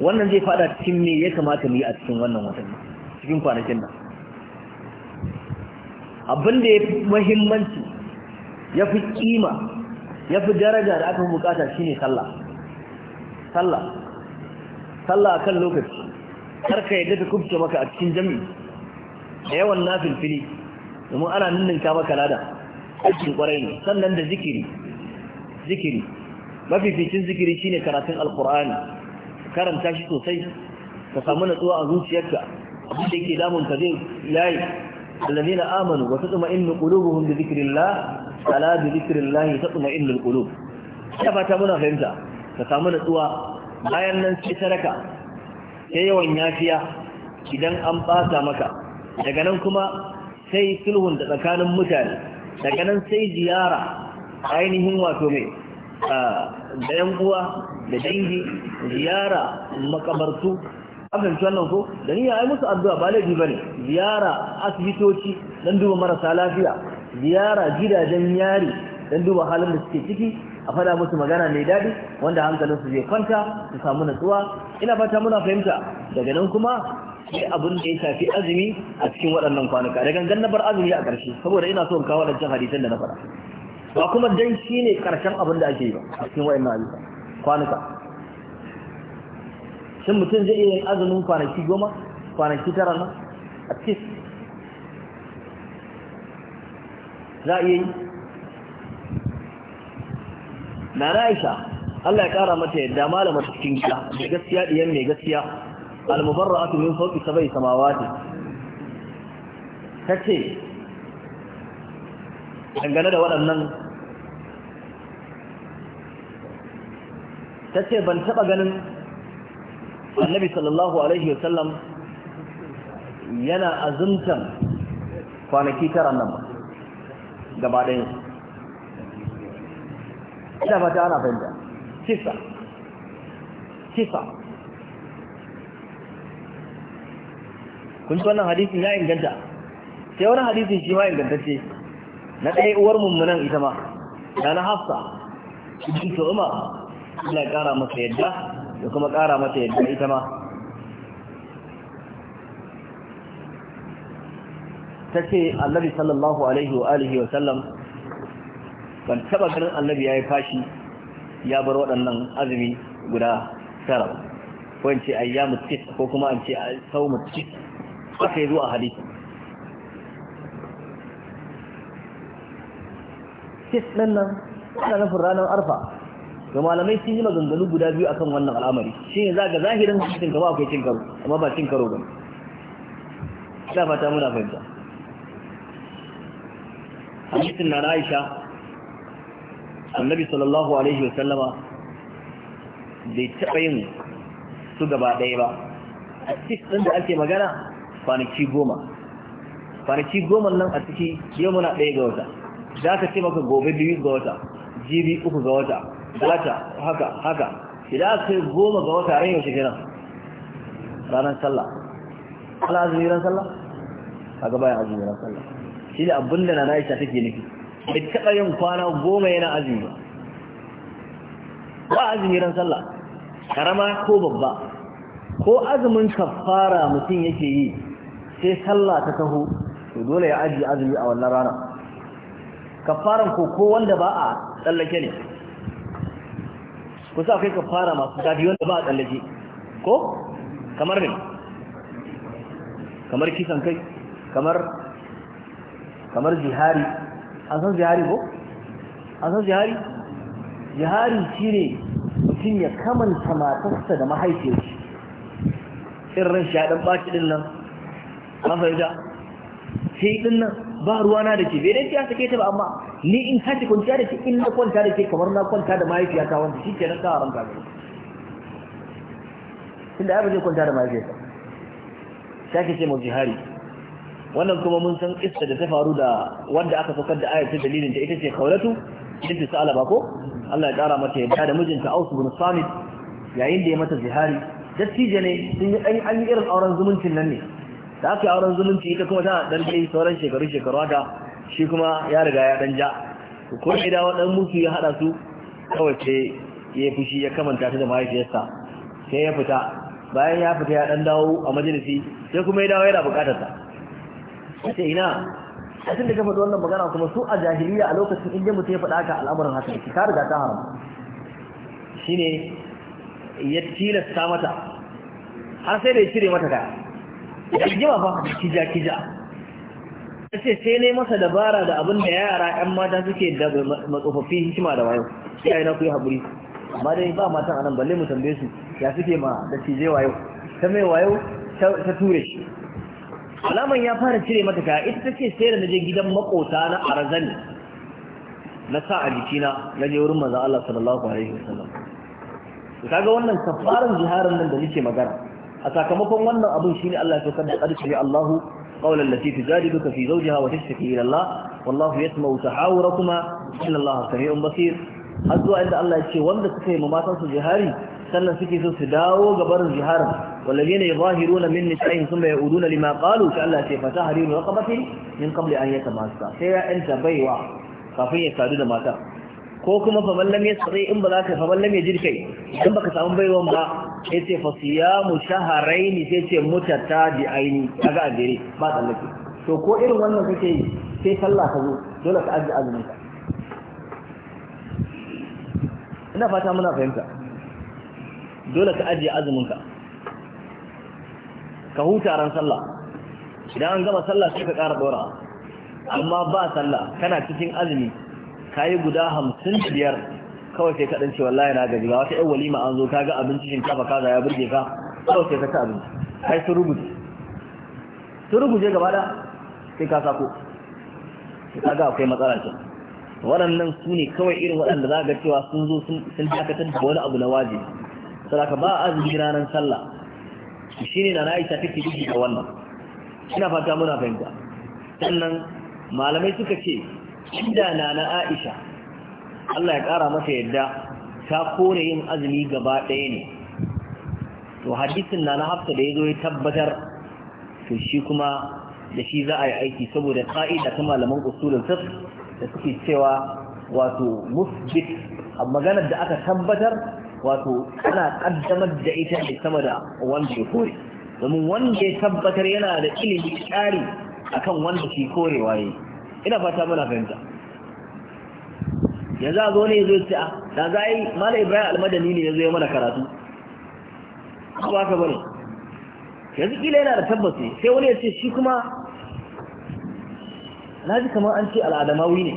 wannan zai fada cikin me ya kamata mu yi a cikin wannan watan cikin kwanakin nan abin da ya fi muhimmanci ya fi kima ya fi daraja da aka bukata shine sallah sallah sallah akan lokaci karka yadda ta kubce maka a cikin jam'i. da yawan nafil fili domin ana ninninka maka lada aikin kwarai ne sannan da zikiri zikiri mafificin zikiri shine karatun alkur'ani karanta shi sosai ka samu natsuwa a zuciyarka abin da yake damun ka zai yayi الذين آمنوا وتطمئن قلوبهم بذكر الله فلا بذكر الله تطمئن القلوب ya fata muna fahimta ka samu tsuwa bayan nan sai sadaka sai yawan yafiya idan an ɓata maka daga nan kuma sai sulhun da tsakanin mutane daga nan sai ziyara ainihin wato mai da yan uwa da dangi ziyara makabartu abinci wannan ko da ni ya yi musu addu'a ba laifi ne, ziyara asibitoci don duba marasa lafiya ziyara gidajen yari don duba halin da suke ciki a faɗa musu magana mai daɗi wanda hankalin su zai kwanta su samu natsuwa ina fata muna fahimta daga nan kuma sai abin da ya shafi azumi a cikin waɗannan kwanuka da gangan na bar azumi a ƙarshe saboda ina so in kawo waɗancan hadisan da na faɗa ba kuma dan shi ne ƙarshen abin da ake yi ba a cikin waɗannan ayyuka kwanuka shin mutum zai iya yin azumin kwanaki goma kwanaki tara na a cikin za a iya yi na Aisha Allah ya kara mata yadda malama cikin gida da gaskiya diyan mai gaskiya al-mubarra'atu min fawqi sab'i samawati tace dangane da waɗannan tace ban taba ganin Annabi sallallahu alaihi wasallam yana azumtan kwanaki tara nan gaba ɗayansu ina fata ana fahimta kisa kisa kun ji wannan hadisi ya inganta sai wani hadisi shi ma ingantacce na ɗaya uwar mummunan ita ma da na hafsa ibn tu'ma Allah ya ƙara masa yadda da kuma ƙara masa yadda ita ma ta ce annabi sallallahu alaihi wa alihi wa sallam ban taba ganin annabi ya yi fashi ya bar waɗannan azumi guda tara ko in ce ayyamu tis ko kuma an ce saumu tis ko ya zo a hadisi tis ɗin nan ana nufin ranar arfa ga malamai sun yi maganganu guda biyu akan wannan al'amari shi ne za ga zahirin cikin gaba akwai cin karo amma ba cin karo ba ina fata muna fahimta hadisin na Aisha annabi sallallahu alaihi wasallama bai taɓa yin su gaba ɗaya ba a cikin da ake magana kwanaki goma kwanaki goma nan a ciki yau muna ɗaya ga wata za ka ce maka gobe biyu ga wata jibi uku ga wata wata haka haka idan aka kai goma ga wata ran yaushe kenan ranar sallah ala azumi ran sallah gaba ya azumi ran sallah shi ne abin da na na shafi ke nufi bai taɓa yin kwana goma yana azumi ba azumi ran sallah karama ko babba ko azumin kafara mutum yake yi sai sallah ta taho to dole ya aji azumi a wannan rana kafaran ko ko wanda ba a tsallake ne kusa akwai kafara masu zafi wanda ba a tsallake ko kamar ne kamar kisan kai kamar kamar jihari A san zihari ko a san jihari zihari shi ne mutum ya kamanta matarsa da mahaifiyarsa irin shi haɗin ɓaki ɗin nan a fahimta sai ɗin nan ba ruwana da ke bai dai siyasa sake ta ba amma ni in haji kwanciya da ke in na kwanta da ke kamar na kwanta da ta wanda shi ke nan kawo haramta ne tunda ya bude kwanta da mahaifiyata shi ake ce mu jihari wannan kuma mun san kissa da ta faru da wanda aka saukar da ayatul dalilin da ita ce khawlatu binti salaba ko Allah ya kara mata yadda da mijinta ausu, bin Samit yayin da ya mata zihari dattijo ne sun yi an yi irin auren zumuncin nan ne da aka auren zumunci ita kuma tana dan dai sauran shekaru shekaru haka shi kuma ya riga ya dan ja ko ida wadan musu ya hada su kawai sai ya fushi ya kamanta ta da mahaifiyarsa sai ya fita bayan ya fita ya dan dawo a majalisi sai kuma ya dawo yana bukatarsa ce ina a tun da ka faɗi wannan magana kuma su a jahiliya a lokacin inda mutum ya faɗa ka al'amarin haka ki ka riga ta haram shine ya tilasta mata har sai da ya cire mata kaya ya jima fa kija kija Ya ce sai ne masa dabara da abin da yara yan mata suke da matsofaffi hikima da wayo sai ai na ku yi haƙuri amma dai ba matan anan balle mu tambaye su ya suke ma da cije wayo ta mai wayo ta ture shi alaman ya fara cire mata kaya ita take sai da naje gidan makota na arzani na sa a jikina na je wurin manzo Allah sallallahu alaihi wasallam to kaga wannan kafaran jiharin nan da nake magana a sakamakon wannan abun shine Allah ya saukar da karshe Allahu qawlan lati tujadiluka fi zawjiha wa tashtaki ila Allah wallahu yasma'u tahawurakuma inna Allah sami'un basir har zuwa inda Allah ya ce wanda suka yi matan su jihari sannan suke so su dawo gabarin jiharin والذين يظاهرون من نسائهم ثم يعودون لما قالوا كالله سي فتحرير رقبة من قبل أن يتماسا سي أنت بيوا kafin ya sadu da mata ko kuma fa mallam ya tsare in ba za ka fa mallam ya jirkai in baka samu baiwan ba sai ce fa siyamu shahrayn sai ce mutatabi aini kaga ajere ba tsallake to ko irin wannan kake yi sai sallah ka zo dole ka ajji azumin ka ina fata muna fahimta dole ka ajji azumin ka ka huta ran sallah idan an gama sallah sai ka ƙara ɗora amma ba sallah kana cikin azumi ka yi guda hamsin biyar kawai sai kaɗan cewa, ce wallahi na gaji ba wata yan walima an zo ka ga abinci shinkafa kaza ya burge ka kawai sai ka ci abinci kai su rubuce su rubuce gaba da sai ka sako ka ga akwai matsala ce waɗannan su ne kawai irin waɗanda za ga cewa sun zo sun dakatar da wani abu na wajibi saboda ba azumi ranar sallah shine ne na Aisha take jiki da wannan ina fata muna fahimta sannan malamai suka ce inda na Aisha. Allah ya kara masa yadda ta kone yin azumi gaba ɗaya ne to hadisin na na hafsa da yazo ya tabbatar to shi kuma da shi za a yi aiki saboda ƙa'ida ta malaman usulul fiqh da suke cewa wato musbit a maganar da aka tabbatar wato ana kaddamar da ita ne sama da wanda ya kore domin wanda ya tabbatar yana da ilimi tsari akan wanda shi kore waye. ina fata muna fahimta yanzu a zo ne zo ce a ah, da za yi mala ibrahim almadani ne ya zo ya mana karatu ko ba ka bane yanzu kila yana da tabbas ne sai wani ya ce shi kuma na ji kamar an ce al'adamawi ne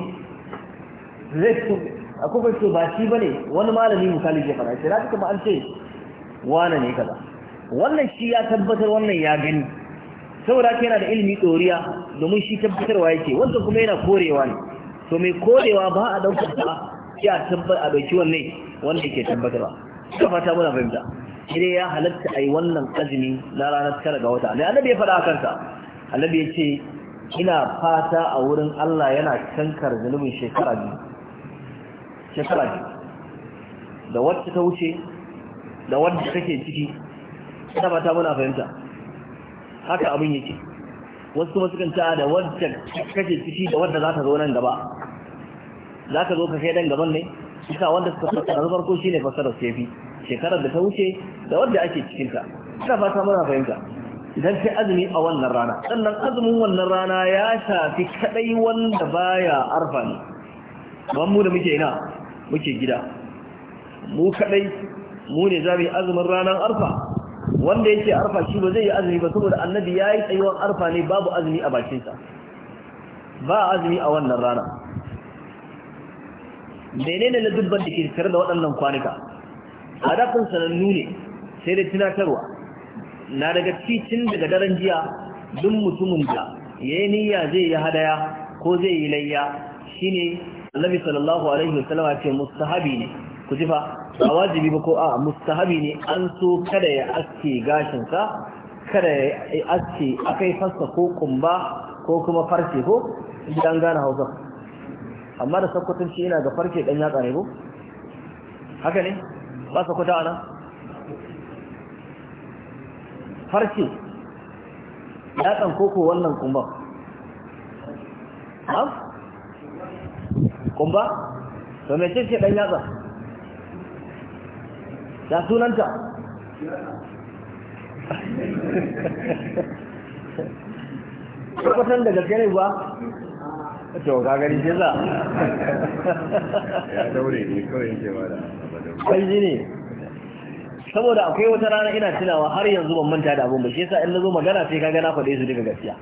zai a kuma ce ba shi bane wani malami misali ke fara shi lafi kuma an ce wane ne kaza wannan shi ya tabbatar wannan ya gani saboda ke yana da ilimi ɗoriya domin shi tabbatarwa yake wanda kuma yana korewa ne to mai korewa ba a ɗaukar ta ya tabbar a ɗauki wannan wanda yake tabbatarwa suka fata muna fahimta idan ya halatta a yi wannan azumi na ranar tara ga wata mai annabi ya faɗa a kansa annabi ya ce ina fata a wurin Allah yana kankar zunubin shekara biyu shekara ce da wacce ta wuce da wadda take ciki ta ba ta muna fahimta haka abin yake wasu kuma sukan ta da wadda kake ciki da wadda za ta zo nan gaba za ka zo ka kai dan gaban ne isa wanda suka fassara na farko shine fassarar sefi shekarar da ta wuce da wadda ake cikin ta ina fata muna fahimta idan sai azumi a wannan rana sannan azumin wannan rana ya shafi kadai wanda baya arfa ne ban mu da muke ina muke gida mu kadai mu ne za mu yi azumin ranar arfa wanda yake arfa shi ba zai yi azumi ba saboda annabi ya yi tsayuwar arfa ne babu azumi a bakinsa ba azumi a wannan rana menene na dubban da ke tare da waɗannan kwanuka hadafin sanannu ne sai da tunatarwa na daga cikin daga daren jiya duk mutumin da ya niyya zai yi hadaya ko zai yi layya shine annabi sallallahu alaihi wasallam ya ce mustahabi ne ku ji fa ba wajibi ba ko a mustahabi ne an so kada ya aske gashin sa kada ya aske akai fassa ko kumba ko kuma farce ko idan gane Hausa amma da shi yana ga farce dan yatsa ne ko haka ne ba sakkwata ana farce tsan koko wannan kumba na'am kumba to me ce ce dan yatsa da sunanta ko da daga ne ba to ga gari ce za ya daure ne kawai yake ba da ne saboda akwai wata rana ina tunawa har yanzu ban manta da abin ba shi yasa in nazo magana sai ka na faɗe su daga gaskiya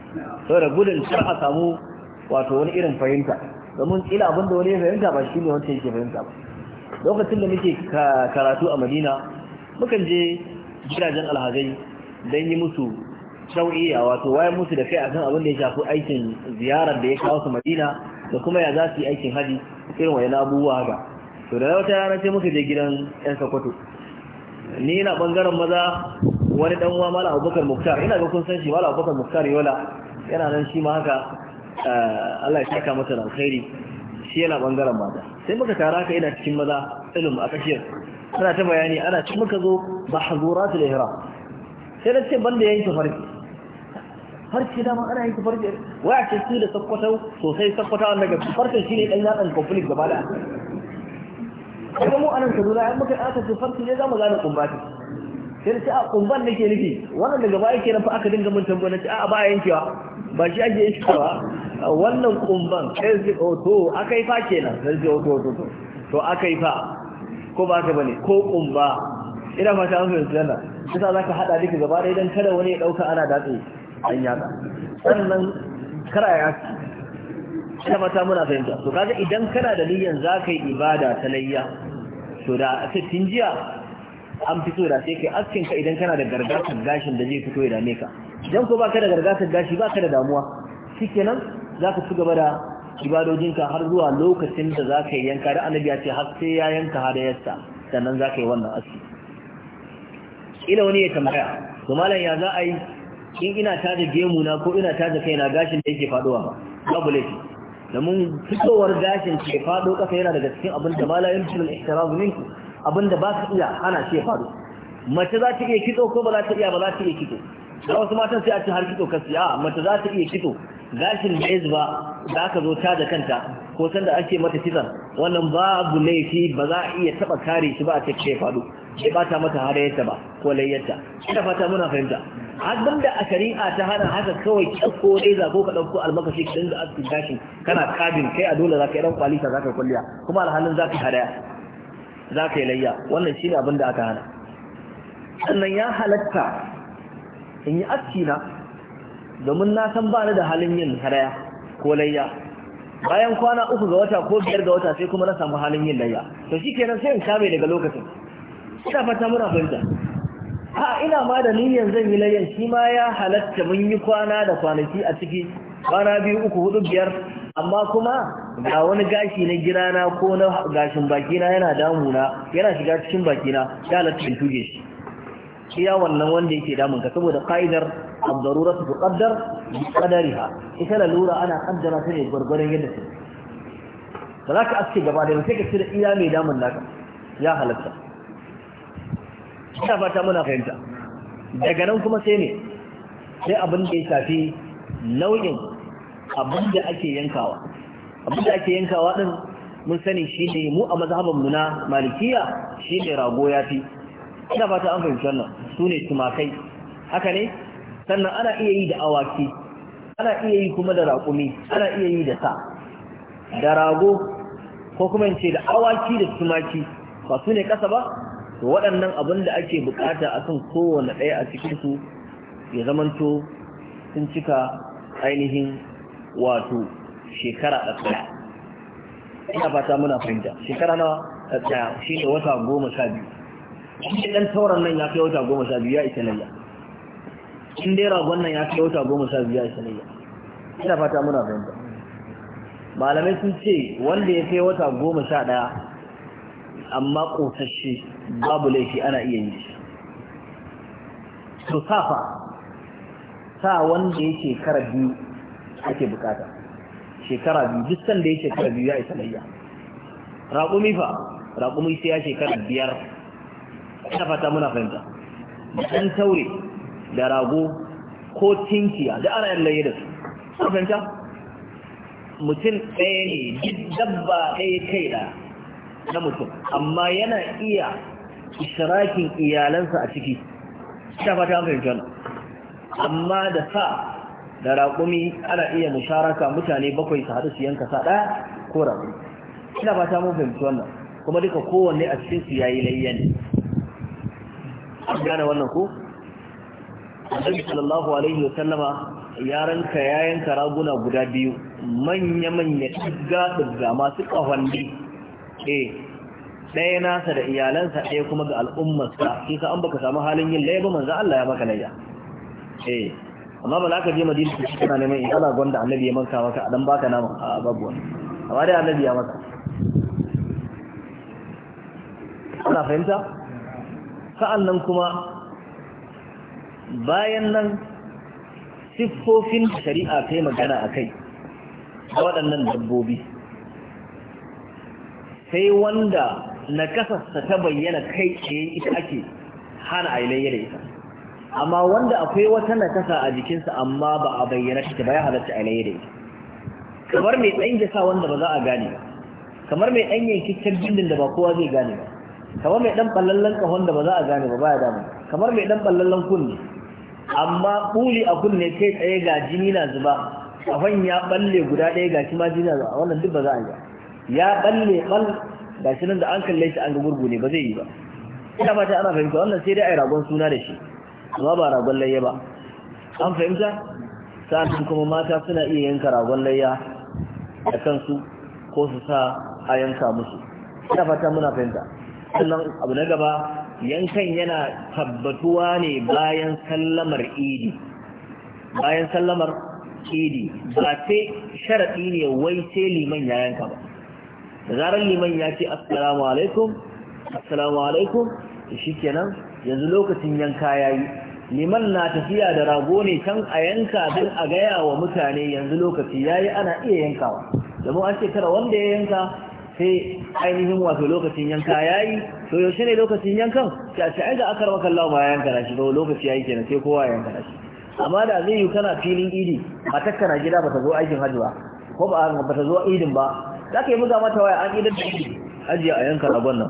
saboda gudun kar a samu wato wani irin fahimta domin ila abin da wani ya fahimta ba shi ne wanda yake fahimta ba lokacin da muke karatu a madina mukan je gidajen alhazai don yi musu shau'iya wato waye musu da kai a kan abin da ya shafi aikin ziyarar da ya kawo su madina da kuma ya za su yi aikin haji irin wani abubuwa haka to da wata rana ce muka je gidan yan sakwato ni ina bangaren maza wani dan uwa mala abubakar muktar ina ga kun san shi abubakar muktar yola yana nan shi ma haka Eh, Allah ya saka masa da alkhairi shi yana bangaren mata sai muka tara ka ina cikin maza ilm a kashiyar ana ta bayani ana cikin muka zo ba mahzuratul ihram sai na ce banda yayin tafarki farce dama ana yanke farce waya ce su da sakkwatau sosai sakkwatawa daga farce shi ne ɗan yaɗan conflict gaba da kaga mu anan kaduna ya muka aka ce farce ne za mu gane kumbati sai na ce a kumban nake nufi wannan daga baya kenan fa aka dinga mun na ce a ba yankewa ba shi ake iska ba wannan kumban to aka yi fa kenan to to aka yi fa ko ba ka bane ko kumba ina fata an fahimci yana kusa za ka haɗa duka gaba ɗaya don kada wani ya ɗauka ana datse an yada sannan kara ya ina fata muna fahimta to kaga idan kana da niyyan za ka yi ibada ta layya to da aka tinjiya an fito da sai kai askinka idan kana da gargatar gashin da zai fito ya dame ka idan ko baka da gargatar gashi baka da damuwa shikenan zaka ci gaba da ibadojinka har zuwa lokacin da zaka yi yanka da annabi ya ce har sai ya yanka hadayarsa sannan zaka yi wannan aski ila wani ya tambaya to malam ya za a yi in ina taje gemu na ko ina taje na gashin da yake faduwa babu laifi domin fitowar gashin ke fado kasa yana daga cikin abin da malayin cikin ihtiraz minku abin da ba ka iya hana shi faɗo, mace za ta iya kitso ko ba za ta iya ba za ta iya kitso da wasu matan sai a ci har kitso ka siya mata za ta iya kito, gashin da ba, za ka zo ta da kanta ko sanda ake mata kitson wannan babu laifi ba za a iya taba kare shi ba a cikin ya faɗo ya bata mata harayyarta ba ko layyarta ina fata muna fahimta abin da a shari'a ta hana haka kawai kyakko reza ko ka ɗauko almakashi ka dinga askin gashin kana kabin kai a dole za ka yi ɗan kwalita za ka kwalliya kuma alhalin za ka hadaya za ka yi layya wannan shi ne abin da aka hana sannan ya halatta in yi aski na domin na san ba ni da halin yin haraya ko layya bayan kwana uku ga wata ko biyar ga wata sai kuma na samu halin yin layya to shi kenan sai in kame daga lokacin ina fata muna fahimta a ina ma da niyyar zan yi layyan shi ma ya halatta mun yi kwana da kwanaki a ciki kwana biyu uku hudu biyar amma kuma ga wani gashi na girana ko na gashin bakina yana damuna yana shiga cikin bakina ya halatta in tuge shi iya wannan wanda yake damun ka saboda ka'idar al su tuqaddar bi qadariha ita lalura ana kaddara ta ne gurgurun yadda take ba za ka aske gaba da sai ka cire iya mai damun naka ya halatta ina fata muna fahimta daga nan kuma sai ne sai abin da ya shafi nau'in abin da ake yankawa abin da ake yankawa din mun sani shi ne mu a mazhabin mu na malikiya shi ne rago ya fi ina fata an fahimci wannan su ne tumakai haka ne sannan ana iya yi da awaki ana iya yi kuma da raƙumi ana iya yi da sa da rago ko kuma in ce da awaki da tumaki ba su ne ƙasa ba to waɗannan abin da ake bukata a kan kowane ɗaya a cikinsu ya zamanto sun cika ainihin wato shekara a tsaya ina fata muna fahimta shekara na Ɗaya. shi ne wata goma sha biyu shi ɗan tauran nan ya fi wata goma sha biyu ya isa nayya in dai ragon nan ya fi wata goma sha biyu ya isa nayya ina fata muna fahimta malamai sun ce wanda ya fi wata goma sha ɗaya amma ƙosashe babu laifi ana iya yi shi to safa sa wanda ya shekara biyu ake bukata shekara biyu duk sanda ya shekara biyu ya isa nayya raƙumi fa raƙumi sai ya shekara biyar ina fata muna fahimta da ɗan taure da rago ko tinkiya da ana yallaye da su sun fahimta mutum ɗaya ne duk dabba ɗaya kai da na mutum amma yana iya ishirakin iyalansa a ciki ina fata muna fahimta amma da sa da raƙumi ana iya musharaka mutane bakwai su haɗu su yanka sa ɗaya ko raƙumi ina fata mun fahimci wannan kuma duka kowanne a cikin su yayi layya ne gane wannan ko annabi sallallahu alaihi wa sallama ya ranka ya yanka raguna guda biyu manya manya digga digga masu kahwanni eh ɗaya nasa da iyalansa ɗaya kuma ga al'ummarsa shi ka an baka samu halin yin laiba manzo Allah ya maka laifi eh amma ba za ka je madina ka kana neman in ana gwanda annabi ya manka maka a dan baka nama a babu wani amma dai annabi ya maka ana fahimta sa'annan kuma bayan nan siffofin shari'a kai magana a kai waɗannan dabbobi sai wanda na kasasta ta bayyana kai ce ita ake hana a ilayya da ita amma wanda akwai wata na kasa a jikinsa amma ba a bayyana take ba ya halatta a ilayya da ita kamar mai ɗan jasa wanda ba za a gane ba kamar mai ɗan yankin bindin da ba kowa zai gane ba kamar mai dan ballallan kahon da ba za a gane ba baya damu kamar mai dan ballallan kunne amma kuli a kunne kai tsaye ga jini na zuba kafan ya balle guda ɗaya ga shi ma jini na zuba wannan duk ba za a ga ya balle bal ga shi nan da an kalle shi an ga gurgu ne ba zai yi ba ina fata ana fahimta wannan sai dai a ragon suna da shi amma ba ragon layya ba an fahimta sa'an kuma mata suna iya yanka ragon layya da kansu ko su sa a yanka musu ina fata muna fahimta sannan abu na gaba yankan yana tabbatuwa ne bayan sallamar idi bayan sallamar idi ba sai sharaɗi ne wai sai liman ya yanka ba da zarar liman ya ce assalamu alaikum assalamu alaikum shi kenan yanzu lokacin yanka ya yi liman na tafiya da rago ne can a yanka don a gaya wa mutane yanzu lokaci ya yi ana iya yankawa domin an ce kada wanda ya yanka sai ainihin wato lokacin yanka yi to yaushe ne lokacin yankan sai a ce ai da aka raba kallawa ba yanka na shi ba. lokaci yayi kenan sai kowa yanka na shi amma da zai yi kana filin idi ba ta kana gida ba ta zo aikin hajji ba ko ba ba ta zo idin ba za ka yi buga mata waya an idan da idi ajiya a yanka ragon nan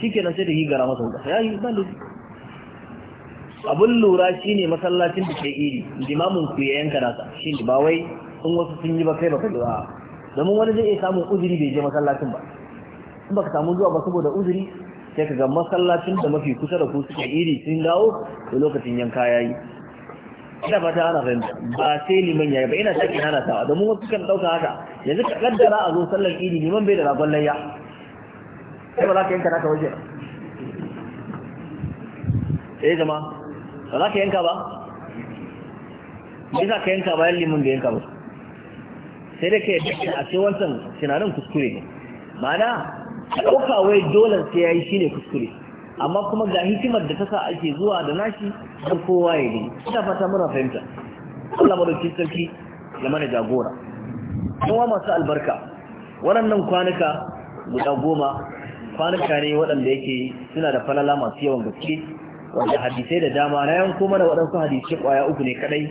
shikenan sai da gara masa wuka yayi ba abun lura shine masallacin da ke idi limamin ku ya yanka nasa shi ba wai in wasu sun yi ba kai ba ka lura domin wani zai iya samun uzuri bai je masallacin ba in baka samu zuwa ba saboda uzuri sai ka ga masallacin da mafi kusa da ku suka iri sun dawo da lokacin yanka ya yi, ina fata ana fahimta ba sai liman yi ba ina sake hana ta domin wasu kan dauka haka yanzu ka kaddara a zo sallar iri liman bai da ragon layya sai ba za ka yanka naka waje eh jama'a ba za ka yanka ba ba za ka yanka bayan liman da yanka ba sai da kai a ce wancan tunanin kuskure ne ma'ana ɗauka wai dole sai ya yi shi ne kuskure amma kuma ga hikimar da ta sa ake zuwa da nashi har kowa ya gani ina fata muna fahimta Allah madauki sarki da mana jagora kuma masu albarka waɗannan kwanuka guda goma kwanuka ne waɗanda yake suna da falala masu yawan gaske wanda hadisai da dama na yanko mana waɗansu hadisai ƙwaya uku ne kaɗai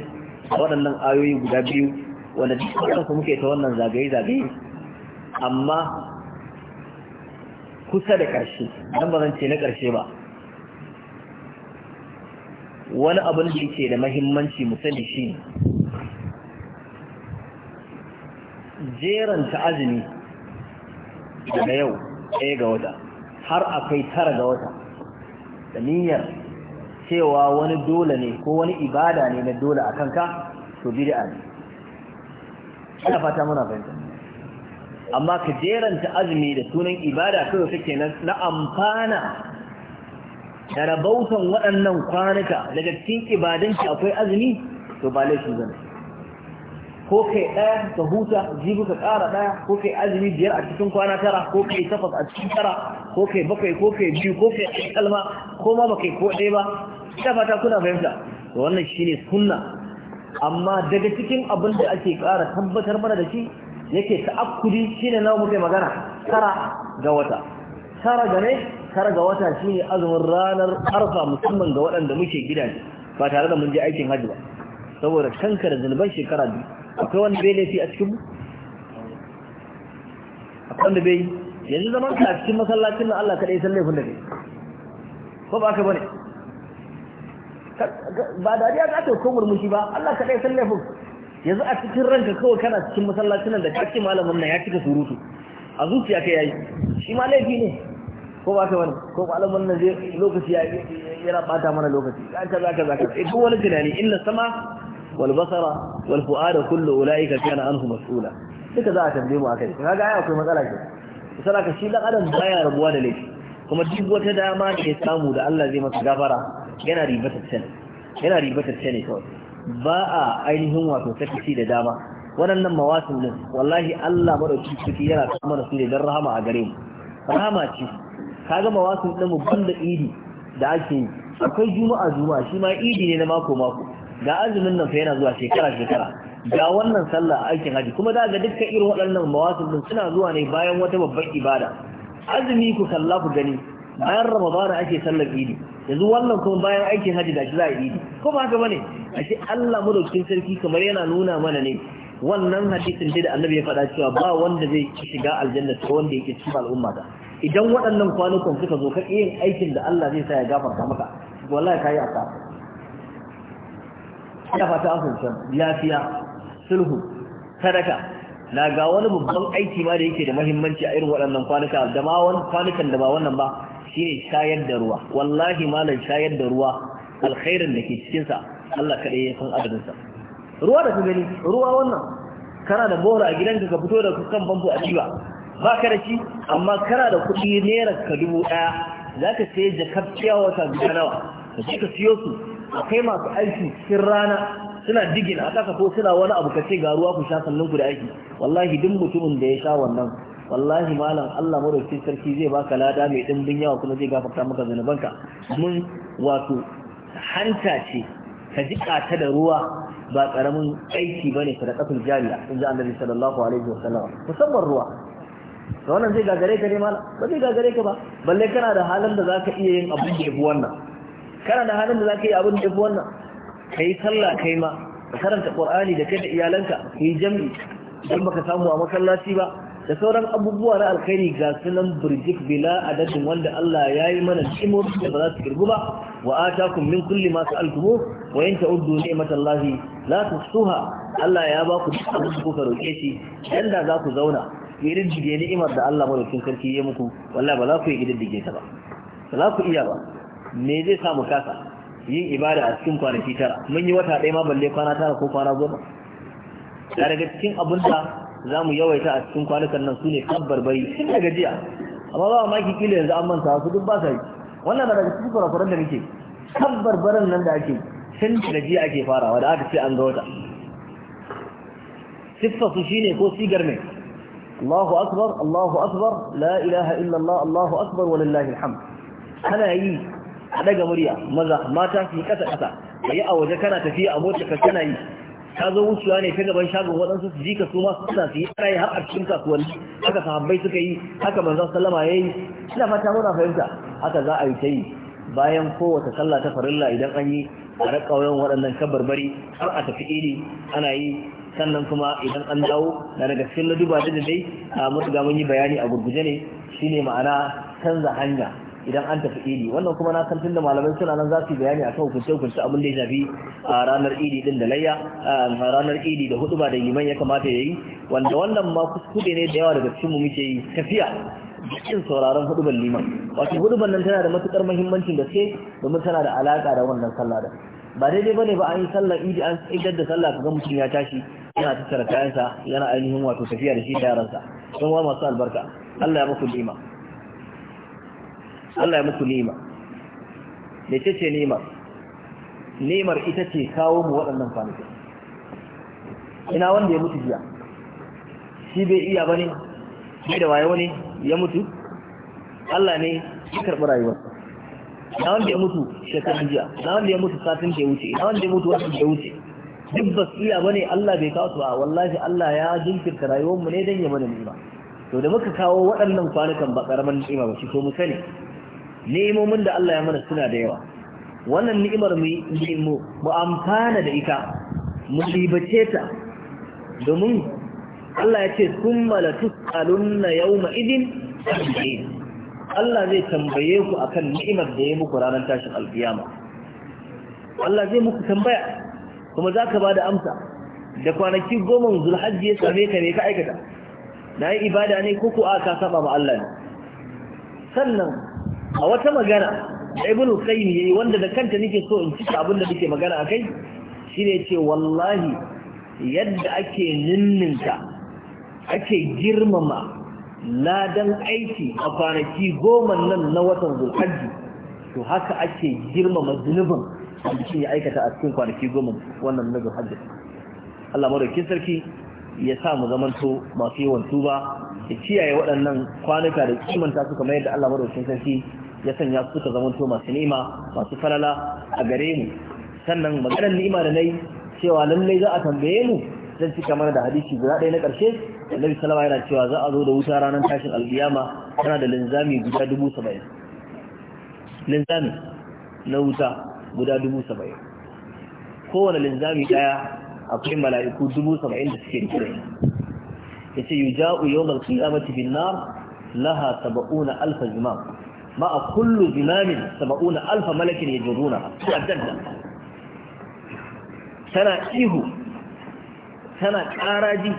waɗannan ayoyi guda biyu wanda duk muke ta wannan zagaye-zagaye amma kusa da ƙarshe don ba ce na ƙarshe ba wani abin da yake da mahimmanci mu shi jeran ta azumi daga yau ɗaya ga wata har akwai tara ga wata da niyyar cewa wani dole ne ko wani ibada ne na dole a kanka to bid'a ne ina fata muna fahimta amma ka jeranta azumi da sunan ibada kawai kake na amfana da rabautan waɗannan kwanuka daga cikin ibadanci akwai azumi to ba laifin zane ko kai ɗaya ka huta jibu ka ƙara ɗaya ko kai azumi biyar a cikin kwana tara ko kai takwas a cikin tara ko kai bakwai ko kai biyu ko kai kalma ko ma ba kai ko ɗaya ba ina fata kuna fahimta to wannan shine sunna amma daga cikin abin da ake ƙara tabbatar mana da shi yake ta'akkudi shine nawa muke magana tara ga wata tara ga ne tara ga wata shine azumin ranar arfa musamman ga waɗanda muke gidaje ba tare da mun je aikin hajji ba saboda da zulban shekara biyu akwai wani bai laifi a cikin mu akwai wanda bai yanzu zaman ka a cikin masallacin na Allah kaɗai san laifin da kai ko ba ka bane ba dariya za ta ko murmushi ba Allah ka dai san laifin yanzu a cikin ranka kawai kana cikin masallacin nan da kake malamin nan ya cika surutu a zuciya ka yayi shi ma laifi ne ko ba ka wani ko malamin nan zai lokaci ya yana bata mana lokaci za ka za kaza kaza eh, duk wani tunani inna sama wal basara wal fuada kullu ulaika kana anhu mas'ula duka za a tambaye mu akai kaga ai akwai matsala ke sai ka shi dan adam baya rabuwa da laifi kuma duk wata dama da ya samu da Allah zai masa gafara yana ribata can yana ribata can ne kawai ba a ainihin wato sakaci da dama waɗannan mawasin din wallahi Allah madauki ciki yana kama da su ne don rahama a gare mu rahama ce kaga mawasin din mu banda idi da ake yi akwai juma'a juma'a shi ma idi ne na mako mako ga azumin nan fa yana zuwa shekara shekara ga wannan sallah aikin haji kuma da ga dukkan irin waɗannan mawasin din suna zuwa ne bayan wata babbar ibada azumi ku kalla ku gani bayan ramadana ake sallar idi yanzu wannan kuma bayan aikin hajji da shi za a yi idi ko ba haka bane a ce Allah madaukakin sarki kamar yana nuna mana ne wannan hadisin da annabi ya faɗa cewa ba wanda zai shiga aljanna ko wanda yake cikin al'umma ta idan waɗannan kwanukan suka zo ka yin aikin da Allah zai sa ya gafarta maka wallahi kai aka ina fata a fahimta lafiya sulhu sadaka na ga wani babban aiki ma da yake da muhimmanci a irin waɗannan kwanuka da ma wani kwanukan da ba wannan ba sai shayar da ruwa wallahi malam shayar da ruwa alkhairin da ke cikinsa Allah kaɗai ya san sa ruwa da gani ruwa wannan kana da bora a gidanka ka fito da kan famfo a jiba ba ka da shi amma kana da kuɗi naira ka dubu ɗaya za ka sayi jakar wata guda nawa ka ka siyo su akwai masu aiki cikin rana suna digin a ko suna wani abu ka ce ga ruwa ku sha sannan ku da aiki wallahi duk mutumin da ya sha wannan wallahi malam Allah madauki sarki zai baka lada mai dimbin yawa kuma zai gafarta maka zanubanka mun wato hanta ce ka jiƙa ta da ruwa ba karamin aiki bane sadaqatul jariya in ji annabi sallallahu alaihi wasallam musamman ruwa to wannan zai gagare ka ne malam ba zai gagare ka ba balle kana da halin da zaka iya yin abin da yafi wannan kana da halin da zaka yi abin da yafi wannan kai sallah kai ma ka karanta qur'ani da kai da iyalanka ku yi jami'i idan baka samu a masallaci ba da sauran abubuwa na alkhairi ga sunan burjik bila adadin wanda Allah ya yi mana cimo da ba za su kirgu ba wa atakum min kulli ma sa'altumu wa in ta'uddu Za la suha. Allah ya ba ku duk abin da kuka roke shi yanda za ku zauna ku ididdige ni'imar da Allah madaukin sarki ya muku wallahi ba za ku yi ididdige ta ba ba za ku iya ba me zai sa mu kasa yin ibada a cikin kwanaki tara mun yi wata ɗaya ma balle kwana tara ko kwana goma da daga cikin abin za mu yawaita a cikin kwanukan nan su ne kabbarbari tun daga gajiya. amma ba ma ki kila yanzu an manta su duk ba sa yi wannan na daga cikin kurakuran da muke kabbarbaran nan da ake tun daga jiya ake farawa da aka ce an ga wata siffa su shine ko sigar ne Allahu akbar Allahu akbar la ilaha illa Allah Allahu akbar walillahi alhamd kana yi a daga murya maza mata su kasa kasa yi a waje kana tafiya a mota ka kana yi ta zo wucewa ne ta gaban shagon waɗansu su ji ka su masu suna su yi ana yi har a cikin kasuwanni haka sahabbai suka yi haka manzo sallama ya yi ina fata muna fahimta haka za a yi ta yi bayan kowace sallah ta farilla idan an yi a raƙa wayan waɗannan kabarbari har a tafi iri ana yi sannan kuma idan an dawo na daga cikin laduba da dai a mutu ga mun yi bayani a gurguje ne shine ma'ana canza hanya idan an tafi idi wannan kuma na san tunda malamai suna nan za su bayani kan hukunce hukunce abin da ya shafi a ranar idi din da layya a ranar idi da hudu da liman ya kamata ya yi wanda wannan ma kuskure ne da yawa daga cikin mu muke yi tafiya cikin sauraron huduban liman wato huduban nan tana da matukar muhimmancin da ke domin tana da alaka da wannan sallah da ba daidai bane ba an yi sallar idi an idar da sallah kaga mutum ya tashi yana tattara kayansa yana ainihin wato tafiya da shi da yaransa don wa masu albarka Allah ya muku lima Allah ya muku nima da ce ce nima nimar ita ce kawo mu waɗannan kwanaki ina wanda ya mutu jiya shi bai iya ba ne bai da waye ne ya mutu Allah ne ya karɓi rayuwar na wanda ya mutu shekarun jiya na wanda ya mutu satin da ya wuce na wanda ya mutu wasu da ya wuce duk ba su iya bane Allah bai kawo su a wallahi Allah ya jinkirta rayuwar mu ne dan ya mana ni'ima to da muka kawo waɗannan kwanukan ba karaman ni'ima ba shi to mu sani ni'imomin da Allah ya mana suna da yawa wannan ni'imar mu mu amfana da ita mu libace ta domin Allah ya ce summa la tusalunna yawma idin Allah zai tambaye ku akan ni'imar da ya muku ranar tashin alkiyama Allah zai muku tambaya kuma za ka ba da amsa da kwanaki goma zulhajji ya same ka ne ka aikata na yi ibada ne ko ku aka saba ma Allah ne sannan a wata magana da ibnu qayyim yayi wanda da kanta nake so in cika abin da nake magana akai shine ce, wallahi yadda ake ninninka ake girmama ladan aiki a kwanaki goma nan na watan zulhajji to haka ake girmama zunubin wanda shi ya aikata a cikin kwanaki goma wannan na zulhajji Allah madaukin sarki ya sa mu zamanto masu yawan tuba ya ciyaye waɗannan kwanuka da kimanta su kamar yadda Allah madaukakin sarki ya sanya su zamanta zama masu ni'ima masu falala a gare mu sannan maganar ni'ima da nayi cewa lallai za a tambaye mu zan cika mana da hadisi guda ɗaya na ƙarshe annabi sallallahu yana cewa za a zo da wuta ranar tashin alkiyama tana da linzami guda dubu saba'in linzami na wuta guda dubu saba'in kowane linzami ɗaya akwai mala'iku dubu saba'in da suke rike yace yuja'u yawmal qiyamati bin nar laha 70 alf zimam ma kullu zimamin saba'una alf malakin ya yajuruna addanta tana ihu tana karaji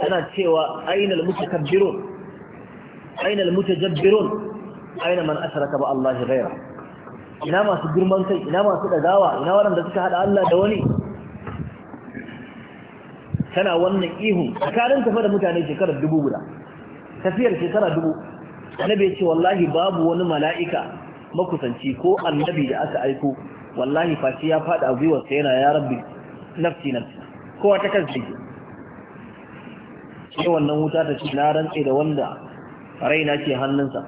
tana cewa ainal mutakabbirun ainal mutajabbirun aina man asraka ba Allah ya ghaira ina masu girman kai ina masu dagawa ina waɗanda suka haɗa Allah da wani tana wannan ihu tsakanin tafa da mutane shekarar dubu guda tafiyar shekara dubu annabi ya ce wallahi babu wani mala'ika makusanci ko annabi da aka aiko wallahi fashi ya faɗi a gwiwarsa yana ya rabbi nafsi nafsi kowa ta kan sai sai wannan wuta ta ce na rantse da wanda raina ce hannunsa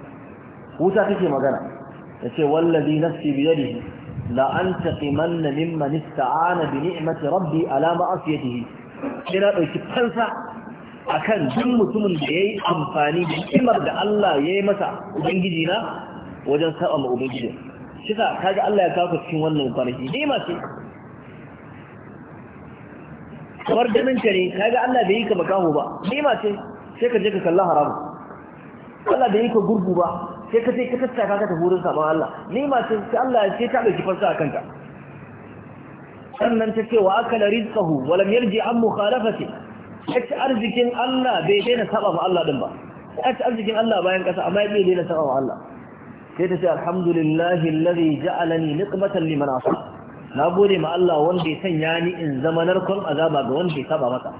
wuta take magana ta ce wallazi nafsi biyadihi la an taqimanna mimman ista'ana bi ni'mati rabbi ala ma'asiyatihi sai na ɗauki fansa a kan duk mutumin da ya yi amfani da imar da Allah ya yi masa ubangiji na wajen saba ma ubangijin shi sa kaga Allah ya kawo cikin wannan kwanaki ne masu kamar ganin ka ne kaga Allah bai yi ka makaho ba ne masu sai ka je ka kalla haramu Allah bai yi ka gurgu ba sai ka sai ka tattaka ka tafi wurin saman Allah ni masu sai Allah ce ta ɗauki fansa a kanka sannan ta ce wa aka rizqahu wa lam yarji an mukhalafati kace arzikin Allah bai daina saba ma Allah din ba kace arzikin Allah bayan kasa amma bai daina saba ma Allah sai ta ce alhamdulillahi alladhi ja'alani niqmatan liman asa na gode ma Allah wanda ya sanya ni in zama narkon azaba ga wanda ya saba masa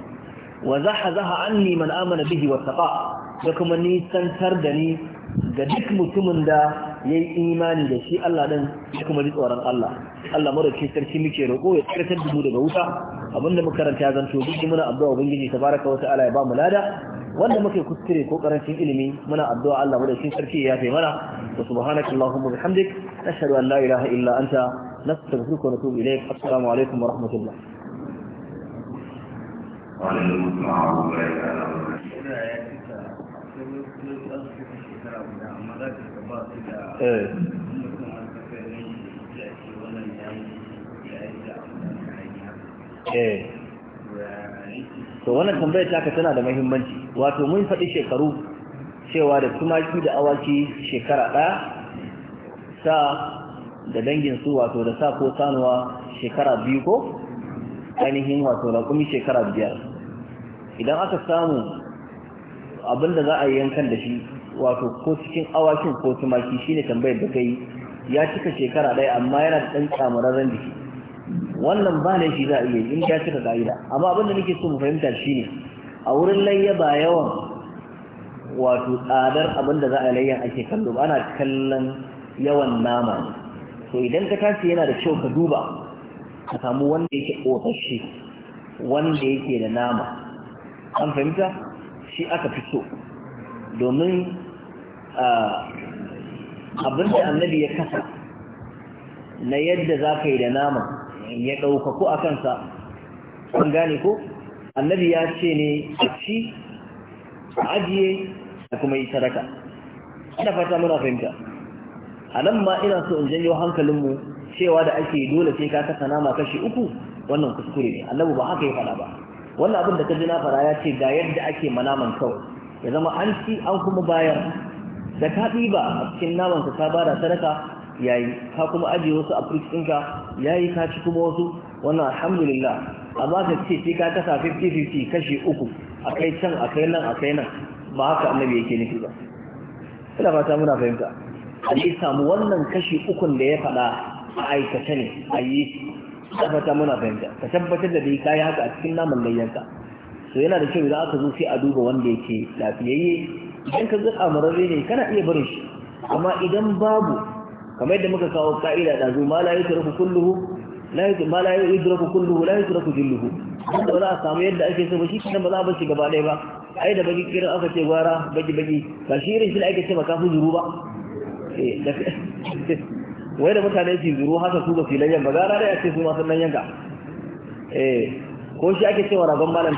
wa zahazaha anni man amana bihi wattaqa da kuma nisantar da ni ga duk mutumin da ya yi imani da shi Allah ɗan ya kuma ji tsoron Allah Allah marauki sarki muke roƙo ya tsarkar da daga wuta abinda muka karanta ya zanto duk muna addu'a ubangiji tabaraka wa ta'ala ya ba mu lada wanda muke kuskure ko karancin ilimi muna addu'a Allah madaukin sarki ya yafe mana wa subhanaka allahumma bihamdik nashhadu an la ilaha illa anta nastaghfiruka wa natubu ilayk assalamu alaikum wa rahmatullah wa alaikum Eh. Eh. to wannan tambayar taka tana da mahimmanci wato mun faɗi shekaru cewa da tumaki da awaki shekara ɗaya sa da dangin su wato da sa ko sanuwa shekara biyu ko ainihin wato raƙumi shekara biyar idan aka samu abinda za a yi yankan da shi wato ko cikin awakin ko tumaki shine tambayar da kai ya cika shekara ɗaya amma yana da ɗan tsamurarren jiki wannan ba ne shi za a iya in ya cika ka'ida amma abin da nake so mu fahimta shine a wurin layya ba yawan wato tsadar abin da za a layyan ake kallo ana kallon yawan nama ne to idan ka tashi yana da kyau ka duba ka samu wanda yake shi, wanda yake da nama an fahimta shi aka fi so domin Ah, abinda annabi ya kasa na yadda za ka yi da nama ya ɗaukaku a kansa sun gane ko annabi ya ce ne a ci a ajiye da kuma yi sadaka ina fata muna fahimta a nan ma ina so in janyo hankalinmu cewa da ake dole sai ka kasa nama kashi uku wannan kuskure ne annabi ba haka ya faɗa ba wannan abin da ka ji na faɗa ya ce ga yadda ake manaman kawai ya zama an ci an kuma bayan. da ka ɗiba a cikin namansa ka bada sadaka yayi ka kuma ajiye wasu a fridge ɗinka yayi ka ci kuma wasu wannan alhamdulillah a ba ka ce sai ka kasa 50-50 kashi uku a kai can a kai nan a kai nan ba haka annabi yake nufi ba ina fata muna fahimta a yi samu wannan kashi ukun da ya faɗa a aikace ne a yi fata muna fahimta ka tabbatar da dai ka yi haka a cikin naman layyanka to yana da kyau idan aka zo sai a duba wanda yake lafiyayye idan ka zaka amararre ne kana iya barin shi amma idan babu kamar yadda muka kawo ka'ida da zu malayi la yutraku kulluhu la yutraku ma la yutraku kulluhu la yutraku jilluhu wanda ba za a samu yadda ake so ba shi kenan ba za a bar shi gaba ɗaya ba ai da baki kiran aka ce gwara baki baki ba shi irin shi da ake ce kafin zuru ba eh, wai da mutane su zuru haka su ba filan ba gara da ya ce su masu nan yanka eh, ko shi ake cewa ragon malam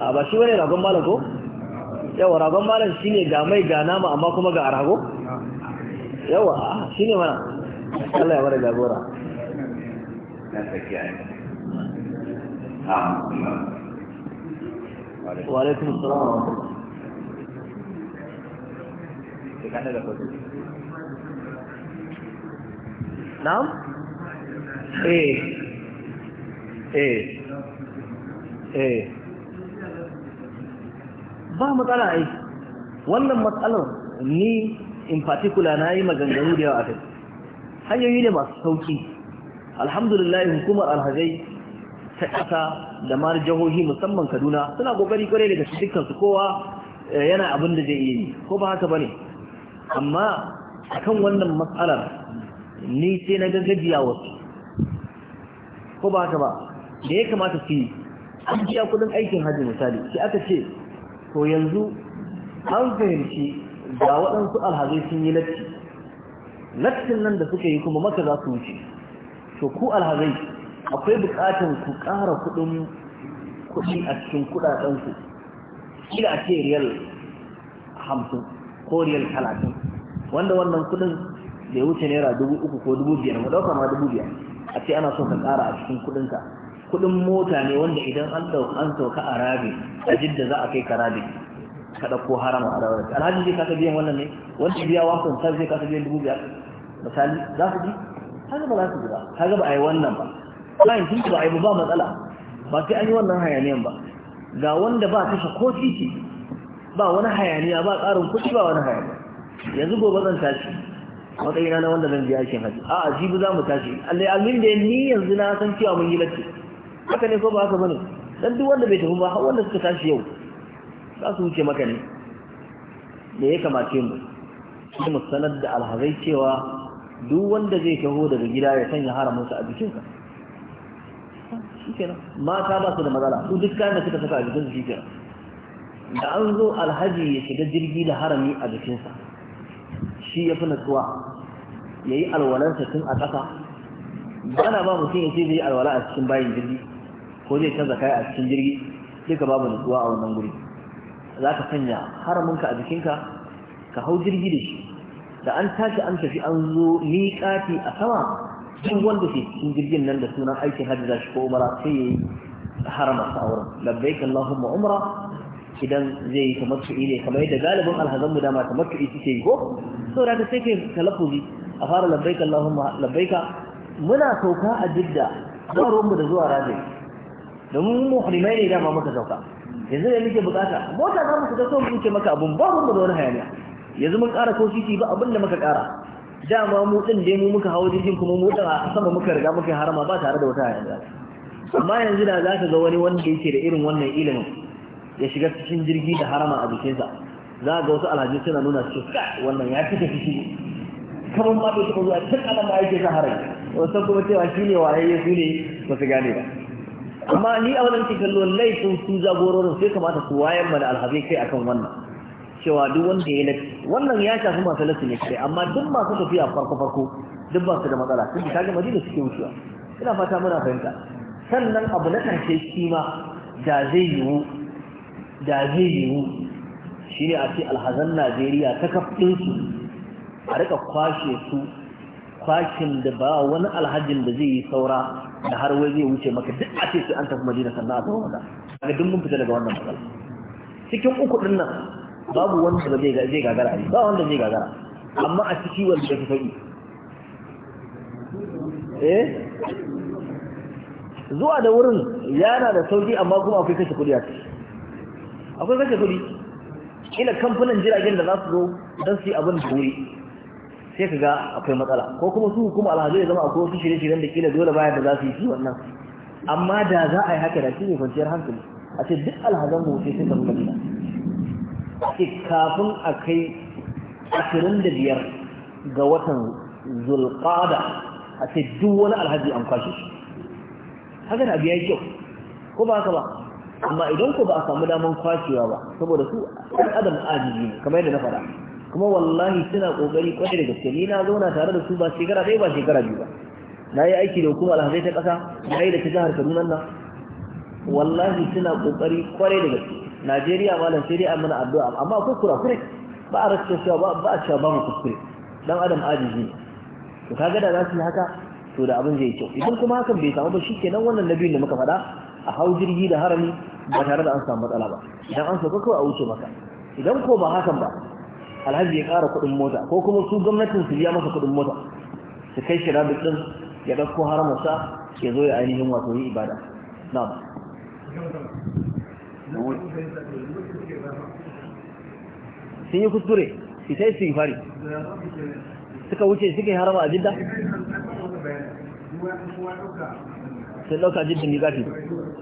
a ba shi wani ragon malar ko yawa ragon shi shine ga mai ga nama amma kuma ga arago? yawa shine mana Allah ya mara jagora gora? na'am eh eh eh ba matsala ai wannan matsalar ni in particular na yi maganganu da yawa a kai hanyoyi ne masu sauki alhamdulillah hukumar alhazai ta ƙasa da ma jihohi musamman kaduna suna ƙoƙari kwarai da su dukkan su kowa eh, yana abin da zai iya yi ko ba haka bane amma akan wannan matsalar ni sai na gaggajiya wasu ko ba haka ba da ya kamata su yi an biya kudin aikin Haji misali sai aka ce to yanzu an fahimci ga waɗansu alhazai sun yi latti lattin nan da suka yi kuma maka za su wuce to ku alhazai akwai bukatar ku ƙara kuɗin kuɗi a cikin kuɗaɗenku kila a ce riyal hamsin ko riyal talatin wanda wannan kuɗin da ya wuce naira dubu uku ko dubu biyar mu ɗauka ma dubu biyar a ce ana so ka ƙara a cikin kuɗinka kudin mota ne wanda idan an dauka an sauka a rabi a jidda za a kai ka rabi ka dauko harama a rabi alhaji zai kasa biyan wannan ne wanda biya wasan sai zai kasa biyan dubu biyar misali za su ji kaga ba za su ji ba kaga ba a yi wannan ba bayan tun ba a yi ba matsala ba sai an yi wannan hayaniyan ba ga wanda ba kashe ko titi ba wani hayaniya ba ƙarin kuɗi ba wani hayaniya yanzu gobe zan tashi matsayina na wanda zan biya shi hajji a'a jibi za mu tashi allai almin da ni yanzu na san cewa mun yi latti haka ne ko ba haka bane dan duk wanda bai tafi ba har wanda suka tashi yau za su wuce maka ne da ya kamace mu shi mu sanar da alhazai cewa duk wanda zai taho daga gida ya sanya haramunsa a jikinsa shikenan mata ba su da matsala su duk kayan da suka saka a jikinsu shikenan da an zo alhaji ya shiga jirgi da harami a jikinsa shi ya fi natsuwa ya yi alwalansa tun a ƙasa ba na ba mutum ya ce zai yi alwala a cikin bayin jirgi ko zai canza kaya a cikin jirgi duka babu nutsuwa a wannan guri za ka sanya haramunka a jikinka ka hau jirgi da shi da an tashi an tafi an zo miƙati a sama duk wanda ke cikin jirgin nan da sunan aikin hajji za shi ko umara sai ya yi harama a wurin labbaik allahumma idan zai yi tamattu'i ne kamar yadda galibin alhazanmu dama tamattu'i suke yi ko saboda ka sai kai talaffuzi a fara labbaik allahumma labbaika muna sauka a jidda ba ruwanmu da zuwa rajin domin muhrimai ne dama muka sauka yanzu ne muke bukata mota za mu fita so mu muke maka abun ba mu da wani hayaniya yanzu mun kara ko titi ba abin da muka kara dama mu din dai mu muka hawo jirgin kuma mu din a sama muka riga muka harama ba tare da wata hayaniya amma yanzu da za ka ga wani wanda yake da irin wannan ilimin ya shiga cikin jirgi da harama a jikinsa za ga wasu alhaji suna nuna su ka wannan ya fita shi kamar ma bai taɓa zuwa cikin alama ma yake sa harai wasu kuma cewa shi ne waye ya su ne ba su gane ba amma ni a wannan cikin kallon laifin su jagororin sai kamata su wayan mana alhabi kai akan wannan cewa duk wanda ya lati wannan ya shafi masu lati ne kai amma duk masu tafiya farko farko duk ba su da matsala sun ta ga madina suke wucewa ina fata muna fahimta sannan abu na karshe shi ma da zai yiwu da zai yiwu shine a ce alhazan Najeriya ta kafin su a rika kwashe su fashin da ba wani alhajin da zai yi saura da har wai zai wuce maka duk a ce sai an tafi madina sannan a tawo maka daga duk fita daga wannan matsala cikin uku din nan babu wanda ba zai gagara ne ba wanda zai gagara amma a ciki wanda ya fi yi. eh zuwa da wurin yana da sauki amma kuma akwai kashe kuɗi a ciki akwai kashe kuɗi ila kamfanin jiragen da za su zo don su yi abin da wuri sai ka ga akwai matsala ko kuma su hukuma alhazo ya zama a kowace shirye-shiryen da kila dole baya da za su yi shi wannan amma da za a yi haka da shi ne kwanciyar hankali a ce duk alhazan mu sai sun zama madina kafin a kai ashirin da biyar ga watan zulqada a ce duk wani alhaji an kwashe shi haka da biya kyau ko ba haka ba amma idan ko ba a samu daman kwashewa ba saboda su ɗan adam ajiye kamar yadda na faɗa kuma wallahi suna kokari kwarai da gaske ni na zauna tare da su ba shekara ɗaya ba shekara biyu ba na yi aiki da hukumar alhazai ta ƙasa na yi da ta jihar kaduna nan wallahi suna kokari kwarai da gaske najeriya lan sai dai an addu'a amma akwai kurakure ba a rasa cewa ba a cewa ba mu kuskure dan adam ajizi ne to kaga da za su yi haka to da abin zai kyau idan kuma hakan bai samu ba shikenan wannan nabi da muka faɗa a hau jirgi da harami ba tare da an samu matsala ba idan an sauka kawai a wuce maka idan ko ba hakan ba alhaji ya ƙara kuɗin mota ko kuma su gwamnatin su biya masa kuɗin mota su kai shi rabu ɗin ya ɗauko haramarsa ya zo ya ainihin wato yi ibada na ba sun yi kuskure su ta yi fari suka wuce su kai harama a jidda sun ɗauka jidda miƙati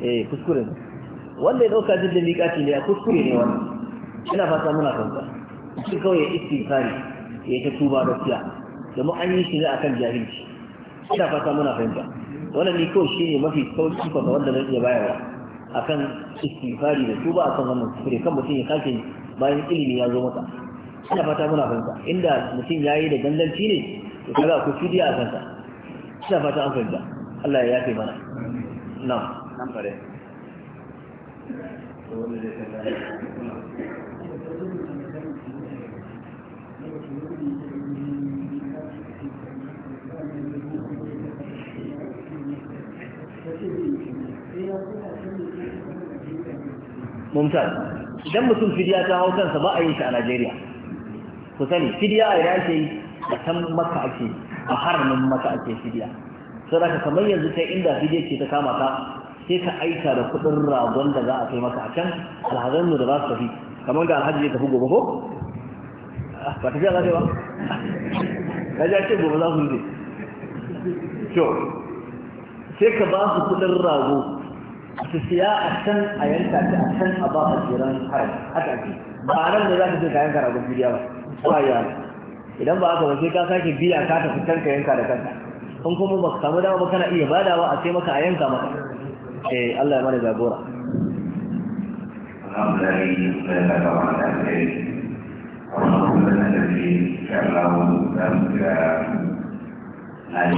eh kuskure wanda ya ɗauka jidda miƙati ne a kuskure ne wani ina fata muna kanta mutum kawai ya istighfari ya ta tuba siya domin an yi shi ne akan jahilci ina fata muna fahimta wannan ni kawai shi ne mafi sauki ko ga wanda zai iya bayarwa akan istighfari da tuba akan wannan kure kan mutum ya kace bayan ilimi ya zo masa ina fata muna fahimta inda mutum yi da dandanci ne to kaga ku fidi a sa ina fata an fahimta Allah ya yafe mana na'am nan bare mumtaz idan mutum fidiya ta hau kansa ba a yin shi a Najeriya ku sani fidiya a ina ake yi a can maka ake a haramin maka ake fidiya sai ka kamar yanzu kai inda fidiya ke ta kama ka sai ka aika da kuɗin ragon da za a kai maka a can alhazan mu da za su tafi kamar ga alhaji ya tafi gobe ko ba tafiya fiya zafi ba ka ji ce gobe za su yi ne sai ka ba su kuɗin rago su siya a can a yanka ta a can a ba a jiran harin haka ake ba nan da za ka je ka yanka ragon bidiya ba ba ya idan ba haka ba sai ka sake biya ka tafi can ka yanka da kanka in kuma ba ka samu dama ba kana iya badawa a sai maka a yanka maka eh Allah ya mana jagora alhamdulillah wannan kuma na da ke kyarlawo da muka na